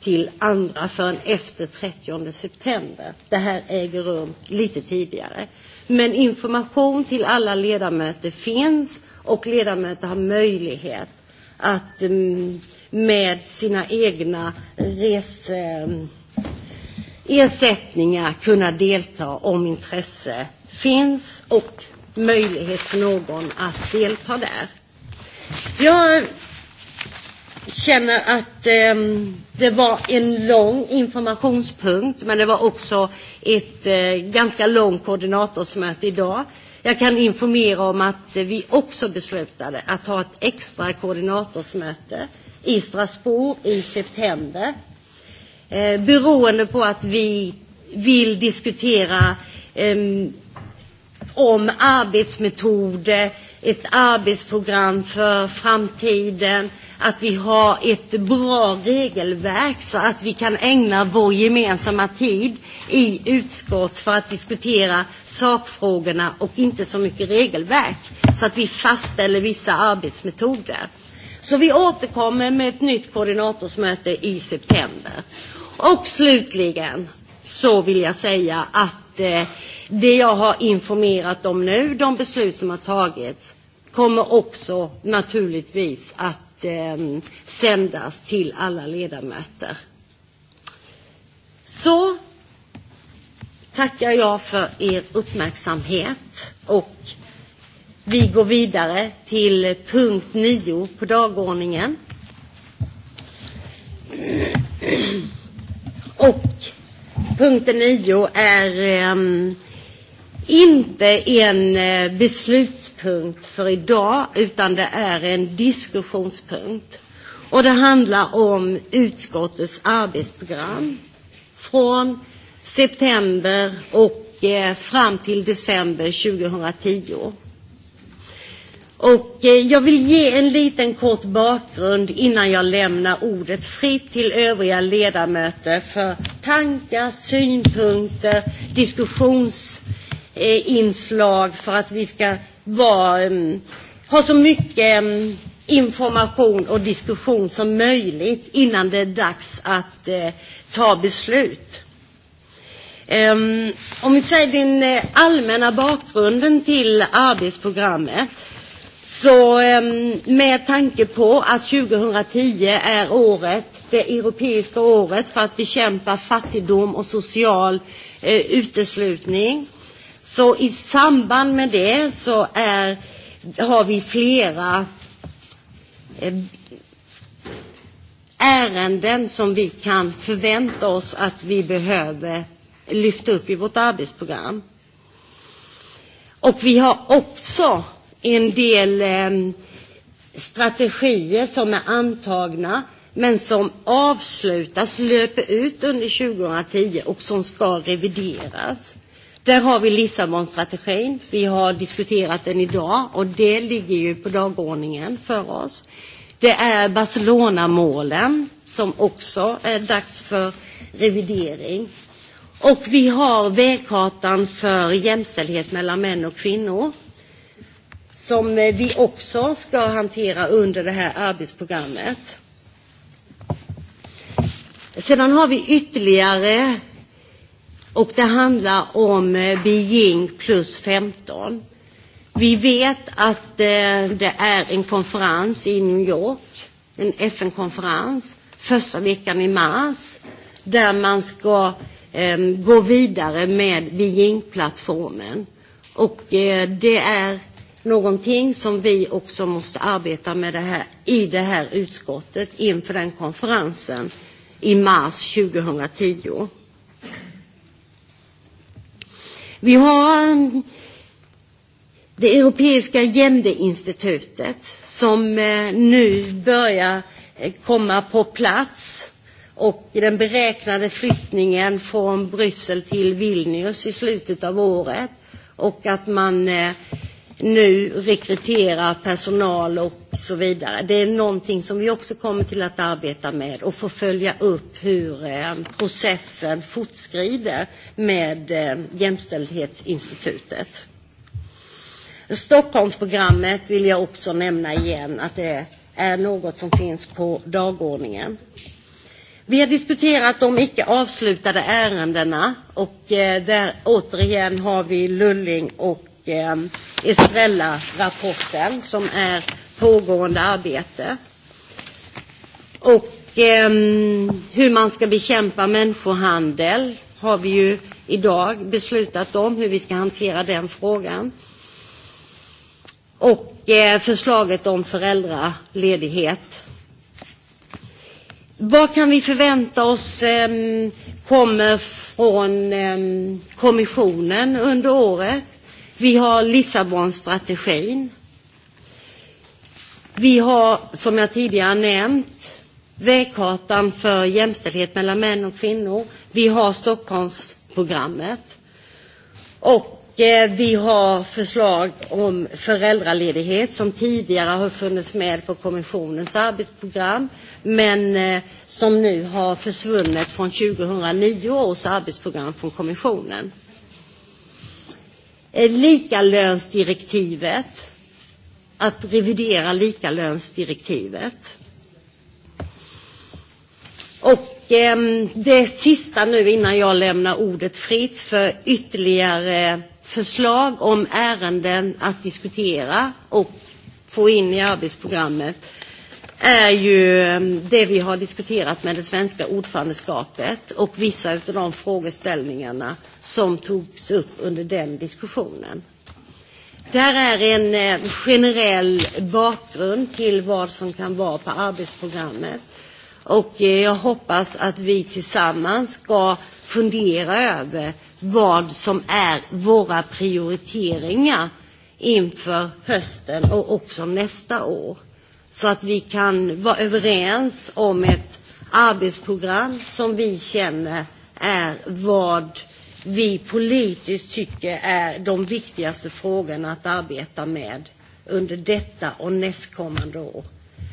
till andra förrän efter 30 september. Det här äger rum lite tidigare. Men information till alla ledamöter finns och ledamöter har möjlighet att mm, med sina egna reseersättningar mm, kunna delta om intresse finns och möjlighet för någon att delta där. Jag känner att eh, det var en lång informationspunkt men det var också ett eh, ganska långt koordinatorsmöte idag. Jag kan informera om att eh, vi också beslutade att ha ett extra koordinatorsmöte i Strasbourg i september. Eh, beroende på att vi vill diskutera eh, om arbetsmetoder, ett arbetsprogram för framtiden, att vi har ett bra regelverk så att vi kan ägna vår gemensamma tid i utskott för att diskutera sakfrågorna och inte så mycket regelverk, så att vi fastställer vissa arbetsmetoder. Så vi återkommer med ett nytt koordinatorsmöte i september. Och slutligen så vill jag säga att att eh, det jag har informerat om nu, de beslut som har tagits, kommer också naturligtvis att eh, sändas till alla ledamöter. Så tackar jag för er uppmärksamhet och vi går vidare till punkt 9 på dagordningen. Och punkten nio är um, inte en uh, beslutspunkt för idag utan det är en diskussionspunkt. Och det handlar om utskottets arbetsprogram från september och eh, fram till december 2010. Och eh, jag vill ge en liten kort bakgrund innan jag lämnar ordet fritt till övriga ledamöter för tankar, synpunkter, diskussionsinslag för att vi ska vara, mm, ha så mycket mm, information och diskussion som möjligt innan det är dags att eh, ta beslut. Ehm, om vi säger den eh, allmänna bakgrunden till arbetsprogrammet Så ehm, med tanke på att 2010 är året, det europeiska året för att bekämpa fattigdom och social eh, uteslutning. Så i samband med det så är, har vi flera ehm, ärenden som vi kan förvänta oss att vi behöver lyfta upp i vårt arbetsprogram. Och vi har också en del eh, strategier som är antagna men som avslutas, löper ut under 2010 och som ska revideras. Där har vi Lissabonstrategin. Vi har diskuterat den idag och det ligger ju på dagordningen för oss. Det är Barcelona-målen som också är dags för revidering. Och vi har vägkartan för jämställdhet mellan män och kvinnor som eh, vi också ska hantera under det här arbetsprogrammet. Sedan har vi ytterligare och det handlar om eh, Beijing plus 15. Vi vet att eh, det är en konferens i New York, en FN-konferens, första veckan i mars, där man ska gå vidare med Beijing-plattformen. Och det är någonting som vi också måste arbeta med det här, i det här utskottet inför den konferensen i mars 2010. Vi har um, det europeiska jämdeinstitutet som eh, nu börjar eh, komma på plats och den beräknade flyttningen från Bryssel till Vilnius i slutet av året och att man eh, nu rekryterar personal och så vidare. Det är någonting som vi också kommer till att arbeta med och få följa upp hur eh, processen fortskrider med eh, Jämställdhetsinstitutet. Stockholmsprogrammet vill jag också nämna igen att det är något som finns på dagordningen. Vi har diskuterat de icke avslutade ärendena och eh, där återigen har vi Lulling och eh, Estrella-rapporten som är pågående arbete. Och eh, hur man ska bekämpa människohandel har vi ju idag beslutat om hur vi ska hantera den frågan. Och eh, förslaget om föräldraledighet. Vad kan vi förvänta oss eh, kommer från eh, kommissionen under året? Vi har Lissabonstrategin. Vi har, som jag tidigare nämnt, vägkartan för jämställdhet mellan män och kvinnor. Vi har Stockholmsprogrammet. Och eh, vi har förslag om föräldraledighet som tidigare har funnits med på kommissionens arbetsprogram men eh, som nu har försvunnit från 2009 års arbetsprogram från kommissionen. Eh, likalönsdirektivet, att revidera likalönsdirektivet. Och eh, det sista nu innan jag lämnar ordet fritt för ytterligare förslag om ärenden att diskutera och få in i arbetsprogrammet är ju ehm, det vi har diskuterat med det svenska ordförandeskapet och vissa av de frågeställningarna som togs upp under den diskussionen. Där är en eh, generell bakgrund till vad som kan vara på arbetsprogrammet. Och eh, jag hoppas att vi tillsammans ska fundera över vad som är våra prioriteringar inför hösten och också nästa år så att vi kan vara överens om ett arbetsprogram som vi känner är vad vi politiskt tycker är de viktigaste frågorna att arbeta med under detta och nästkommande år.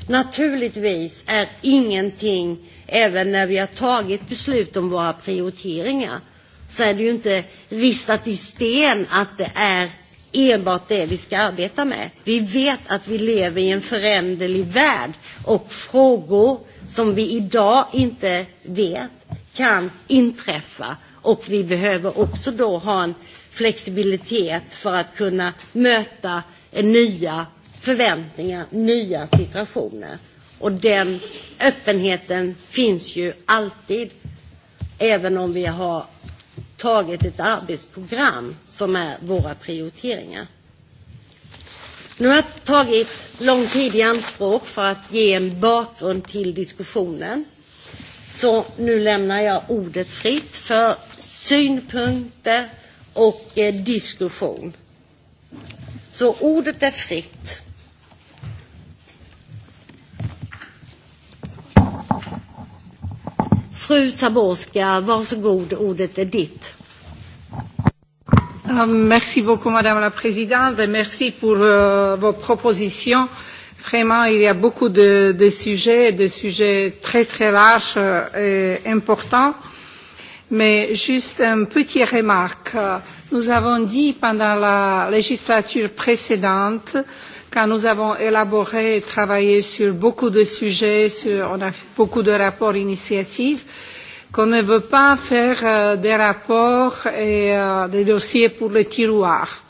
Naturligtvis är ingenting, även när vi har tagit beslut om våra prioriteringar, så är det ju inte ristat i sten att det är enbart det vi ska arbeta med. Vi vet att vi lever i en föränderlig värld och frågor som vi idag inte vet kan inträffa och vi behöver också då ha en flexibilitet för att kunna möta nya förväntningar, nya situationer. Och den öppenheten finns ju alltid, även om vi har tagit ett arbetsprogram som är våra prioriteringar. Nu har jag tagit lång tid i anspråk för att ge en bakgrund till diskussionen. Så nu lämnar jag ordet fritt för synpunkter och eh, diskussion. Så ordet är fritt. Fru Zaborska, varsågod, ordet är ditt. Ah, merci beaucoup, Madame la Présidente, et merci pour euh, vos propositions. Vraiment, il y a beaucoup de, de sujets, de sujets très très larges euh, et importants. Mais juste une petite remarque. Nous avons dit pendant la législature précédente euh, car nous avons élaboré et travaillé sur beaucoup de sujets, sur, on a fait beaucoup de rapports initiatives, qu'on ne veut pas faire euh, des rapports et euh, des dossiers pour les tiroirs.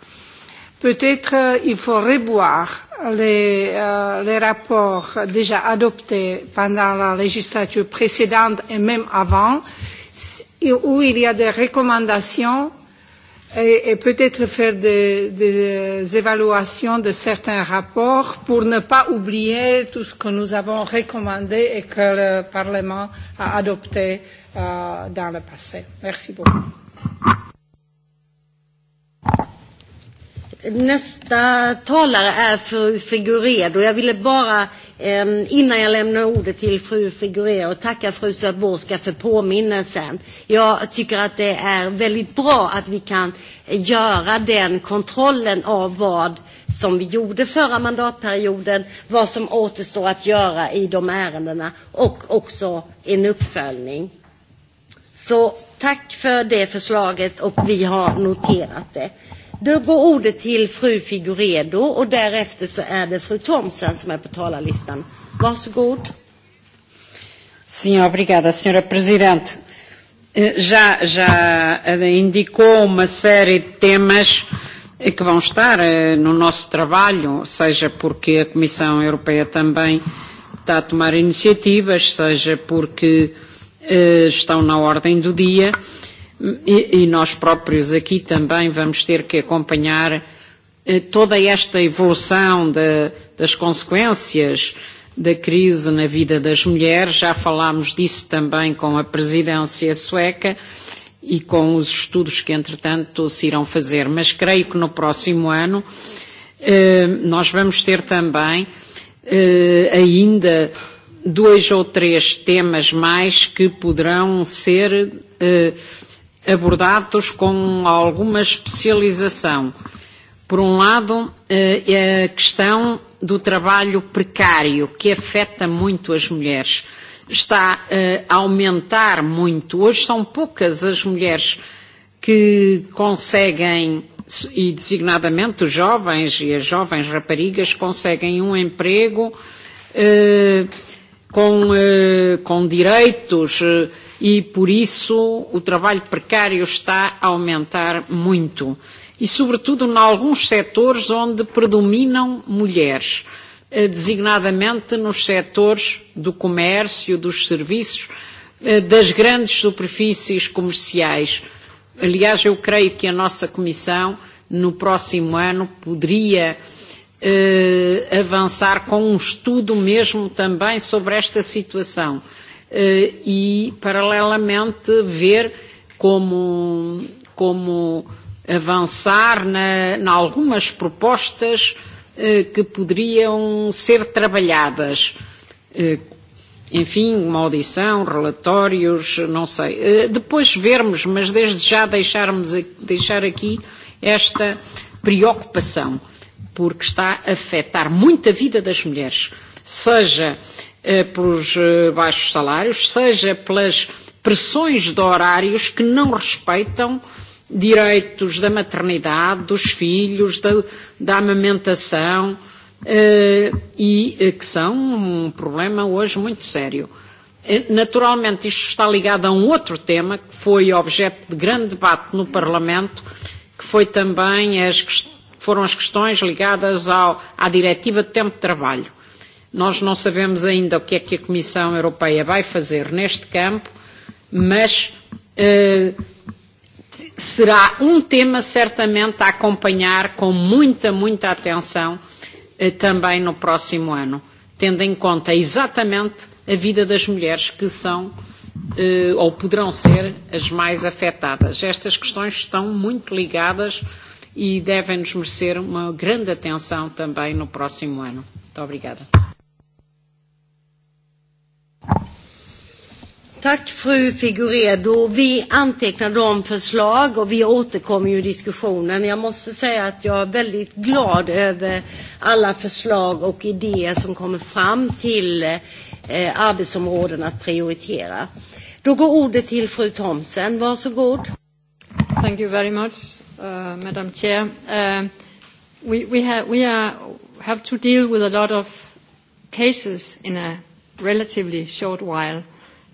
Peut-être euh, il faut revoir les, euh, les rapports déjà adoptés pendant la législature précédente et même avant, où il y a des recommandations et, et peut-être faire des, des évaluations de certains rapports pour ne pas oublier tout ce que nous avons recommandé et que le Parlement a adopté euh, dans le passé. Merci beaucoup. Nästa talare är fru Figuredo. Jag ville bara, ehm, innan jag lämnar ordet till fru Figuredo, tacka fru Zaborska för påminnelsen. Jag tycker att det är väldigt bra att vi kan göra den kontrollen av vad som vi gjorde förra mandatperioden, vad som återstår att göra i de ärendena och också en uppföljning. Så tack för det förslaget och vi har noterat det. Då går ordet till fru Figuredo och därefter så är det fru Thomsen som är på talarlistan. Varsågod. Sim, obrigada, senhora presidente. Eh, já, já eh, indicou uma série de temas que eh, vão estar no nosso trabalho, seja porque a Comissão Europeia também está a tomar iniciativas, seja porque estão na ordem do dia e, e nós próprios aqui também vamos ter que acompanhar eh, toda esta evolução de, das consequências da crise na vida das mulheres. Já falámos disso também com a presidência sueca e com os estudos que, entretanto, se irão fazer. Mas creio que no próximo ano eh, nós vamos ter também eh, ainda dois ou três temas mais que poderão ser eh, abordados com alguma especialização. Por um lado, eh, a questão do trabalho precário, que afeta muito as mulheres. Está eh, a aumentar muito. Hoje são poucas as mulheres que conseguem, e designadamente os jovens e as jovens raparigas, conseguem um emprego. Uh, com, eh, com direitos eh, e, por isso, o trabalho precário está a aumentar muito. E, sobretudo, em alguns setores onde predominam mulheres, eh, designadamente nos setores do comércio, dos serviços, das grandes superfícies comerciais. Aliás, eu creio que a nossa Comissão, no próximo ano, poderia eh, eh, avançar com um estudo mesmo também sobre esta situação eh, e, paralelamente, ver como, como avançar na, na algumas propostas eh, que poderiam ser trabalhadas. Eh, enfim, uma audição, relatórios, não sei. Eh, depois vermos, mas desde já deixarmos, deixar aqui esta preocupação porque está a afetar muito a vida das mulheres, seja eh, pelos eh, baixos salários, seja pelas pressões de horários que não respeitam direitos da maternidade, dos filhos, da, da amamentação, eh, e que são um problema hoje muito sério. Naturalmente, isto está ligado a um outro tema que foi objeto de grande debate no Parlamento, que foi também as questões foram as questões ligadas ao, à diretiva de tempo de trabalho. Nós não sabemos ainda o que é que a Comissão Europeia vai fazer neste campo, mas eh, será um tema certamente a acompanhar com muita, muita atenção eh, também no próximo ano, tendo em conta exatamente a vida das mulheres que são eh, ou poderão ser as mais afetadas. Estas questões estão muito ligadas e devem-nos merecer uma grande atenção também no próximo ano. Muito obrigada. Tack fru Figuredo. Vi antecknar de förslag och vi återkommer ju i diskussionen. Jag måste säga att jag är väldigt glad över alla förslag och idéer som kommer fram till eh, arbetsområden att prioritera. Då går ordet till fru Thomsen. Varsågod. Thank you very much, uh, Madam Chair. Uh, we we, ha- we are, have to deal with a lot of cases in a relatively short while.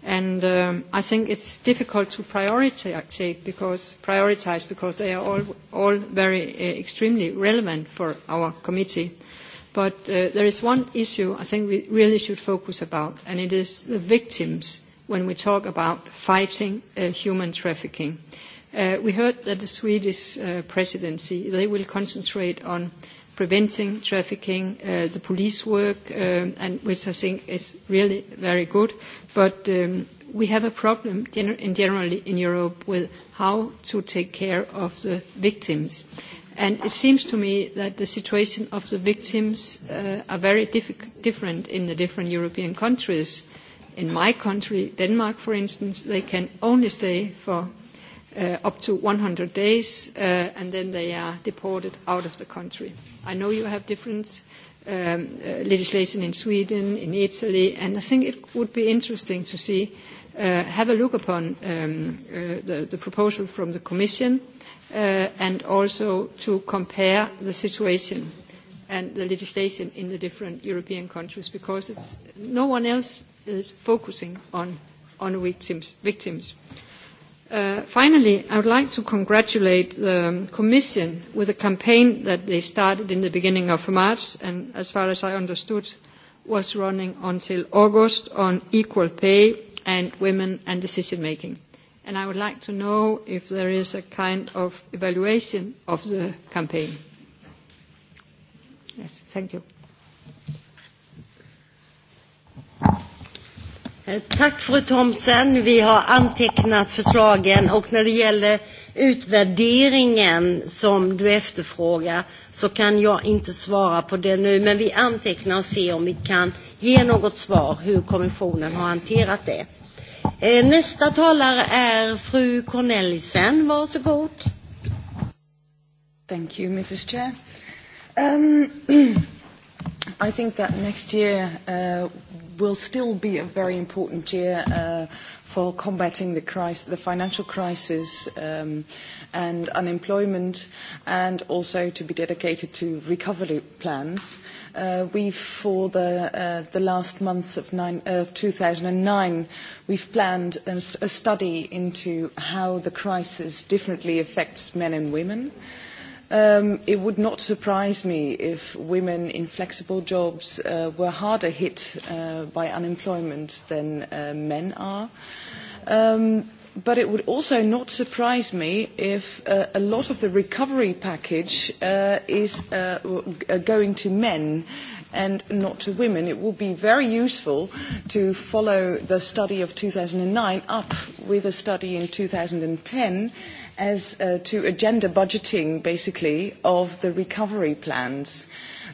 And um, I think it's difficult to prioritize because, prioritize because they are all, all very uh, extremely relevant for our committee. But uh, there is one issue I think we really should focus about, and it is the victims when we talk about fighting uh, human trafficking. Uh, Uh, we heard that the Swedish uh, presidency, they will concentrate on preventing trafficking, uh, the police work, um, and which I think is really very good. But um, we have a problem gen in generally in Europe with how to take care of the victims. And it seems to me that the situation of the victims uh, are very diff- different in the different European countries. In my country, Denmark, for instance, they can only stay for uh, up to 100 days, uh, and then they are deported out of the country. I know you have different um, uh, legislation in Sweden, in Italy, and I think it would be interesting to see, uh, have a look upon um, uh, the, the proposal from the Commission, uh, and also to compare the situation and the legislation in the different European countries, because it's, no one else is focusing on, on victims. victims. Uh, finally, I would like to congratulate the Commission with a campaign that they started in the beginning of March and, as far as I understood, was running until August on equal pay and women and decision making. And I would like to know if there is a kind of evaluation of the campaign. Yes, thank you. Eh, tack fru Thomsen. Vi har antecknat förslagen och när det gäller utvärderingen som du efterfrågar så kan jag inte svara på det nu. Men vi antecknar och ser om vi kan ge något svar hur kommissionen har hanterat det. Eh, nästa talare är fru Cornelissen. Varsågod. Thank you, Mrs. Chair. Um, I think that next year uh, will still be a very important year uh, for combating the, crisis, the financial crisis um, and unemployment, and also to be dedicated to recovery plans. Uh, we've, for the, uh, the last months of nine, uh, 2009, we've planned a, a study into how the crisis differently affects men and women. Um, it would not surprise me if women in flexible jobs uh, were harder hit uh, by unemployment than uh, men are. Um, but it would also not surprise me if uh, a lot of the recovery package uh, is uh, going to men and not to women. It would be very useful to follow the study of 2009 up with a study in 2010 as uh, to agenda budgeting, basically, of the recovery plans.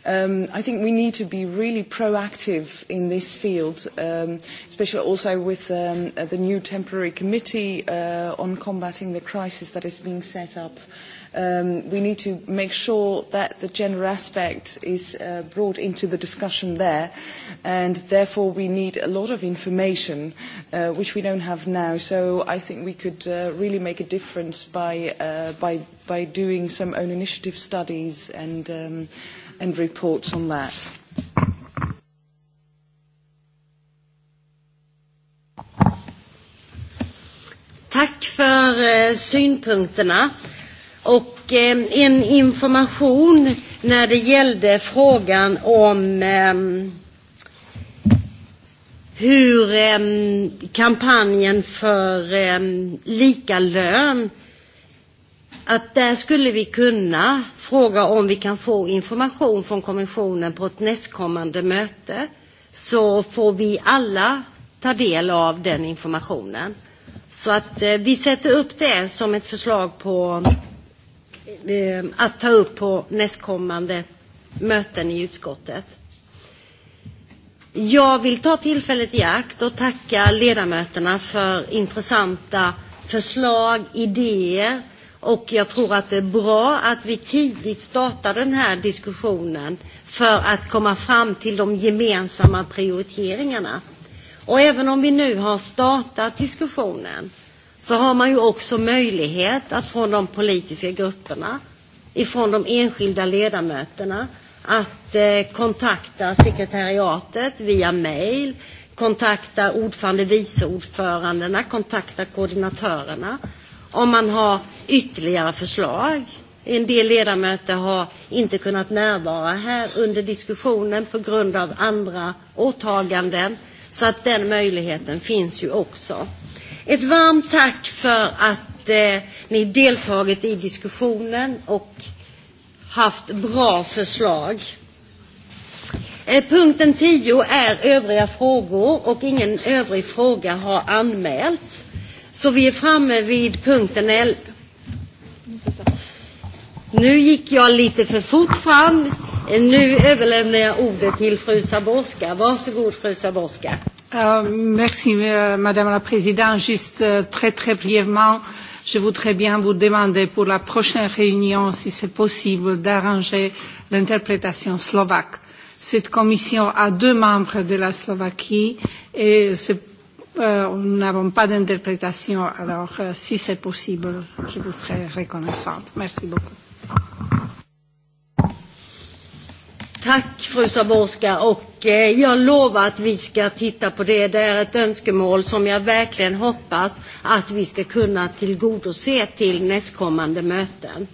Um, I think we need to be really proactive in this field, um, especially also with um, uh, the new temporary committee uh, on combating the crisis that is being set up um, we need to make sure that the gender aspect is uh, brought into the discussion there, and therefore we need a lot of information, uh, which we don't have now. So I think we could uh, really make a difference by, uh, by, by doing some own initiative studies and, um, and reports on that. Tack för eh, synpunkterna. Och eh, en information när det gällde frågan om eh, hur eh, kampanjen för eh, lika lön, att där skulle vi kunna fråga om vi kan få information från kommissionen på ett nästkommande möte. Så får vi alla ta del av den informationen. Så att eh, vi sätter upp det som ett förslag på Eh, att ta upp på nästkommande möten i utskottet. Jag vill ta tillfället i akt och tacka ledamöterna för intressanta förslag, idéer och jag tror att det är bra att vi tidigt startar den här diskussionen för att komma fram till de gemensamma prioriteringarna. Och även om vi nu har startat diskussionen så har man ju också möjlighet att från de politiska grupperna, ifrån de enskilda ledamöterna, att eh, kontakta sekretariatet via mejl, kontakta ordförande, vice ordförandena, kontakta koordinatörerna om man har ytterligare förslag. En del ledamöter har inte kunnat närvara här under diskussionen på grund av andra åtaganden, så att den möjligheten finns ju också. Ett varmt tack för att eh, ni deltagit i diskussionen och haft bra förslag. Eh, punkten 10 är övriga frågor och ingen övrig fråga har anmält. Så vi är framme vid punkten 11. Nu gick jag lite för fort fram. Nu överlämnar jag ordet till fru Saborska. Varsågod fru Saborska. Uh, merci euh, Madame la Présidente. Juste uh, très très brièvement, je voudrais bien vous demander pour la prochaine réunion, si c'est possible, d'arranger l'interprétation slovaque. Cette commission a deux membres de la Slovaquie et euh, nous n'avons pas d'interprétation. Alors, uh, si c'est possible, je vous serai reconnaissante. Merci beaucoup. Tack fru Saborska och eh, jag lovar att vi ska titta på det. Det är ett önskemål som jag verkligen hoppas att vi ska kunna tillgodose till nästkommande möten.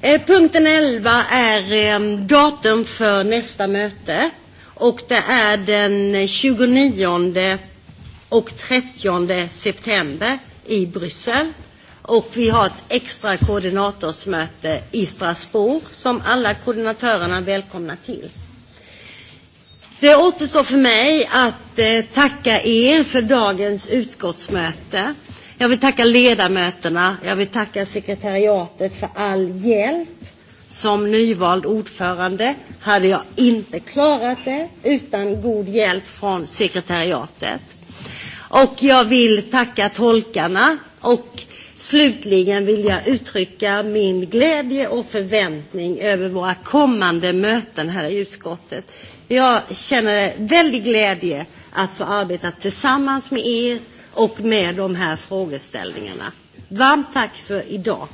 Eh, punkten 11 är eh, datum för nästa möte och det är den 29 och 30 september i Bryssel och vi har ett extra koordinatorsmöte i Strasbourg som alla koordinatörerna välkomna till. Det återstår för mig att eh, tacka er för dagens utskottsmöte. Jag vill tacka ledamöterna, jag vill tacka sekretariatet för all hjälp. Som nyvald ordförande hade jag inte klarat det utan god hjälp från sekretariatet. Och jag vill tacka tolkarna och Slutligen vill jag uttrycka min glädje och förväntning över våra kommande möten här i utskottet. Jag känner väldigt glädje att få arbeta tillsammans med er och med de här frågeställningarna. Varmt tack för idag.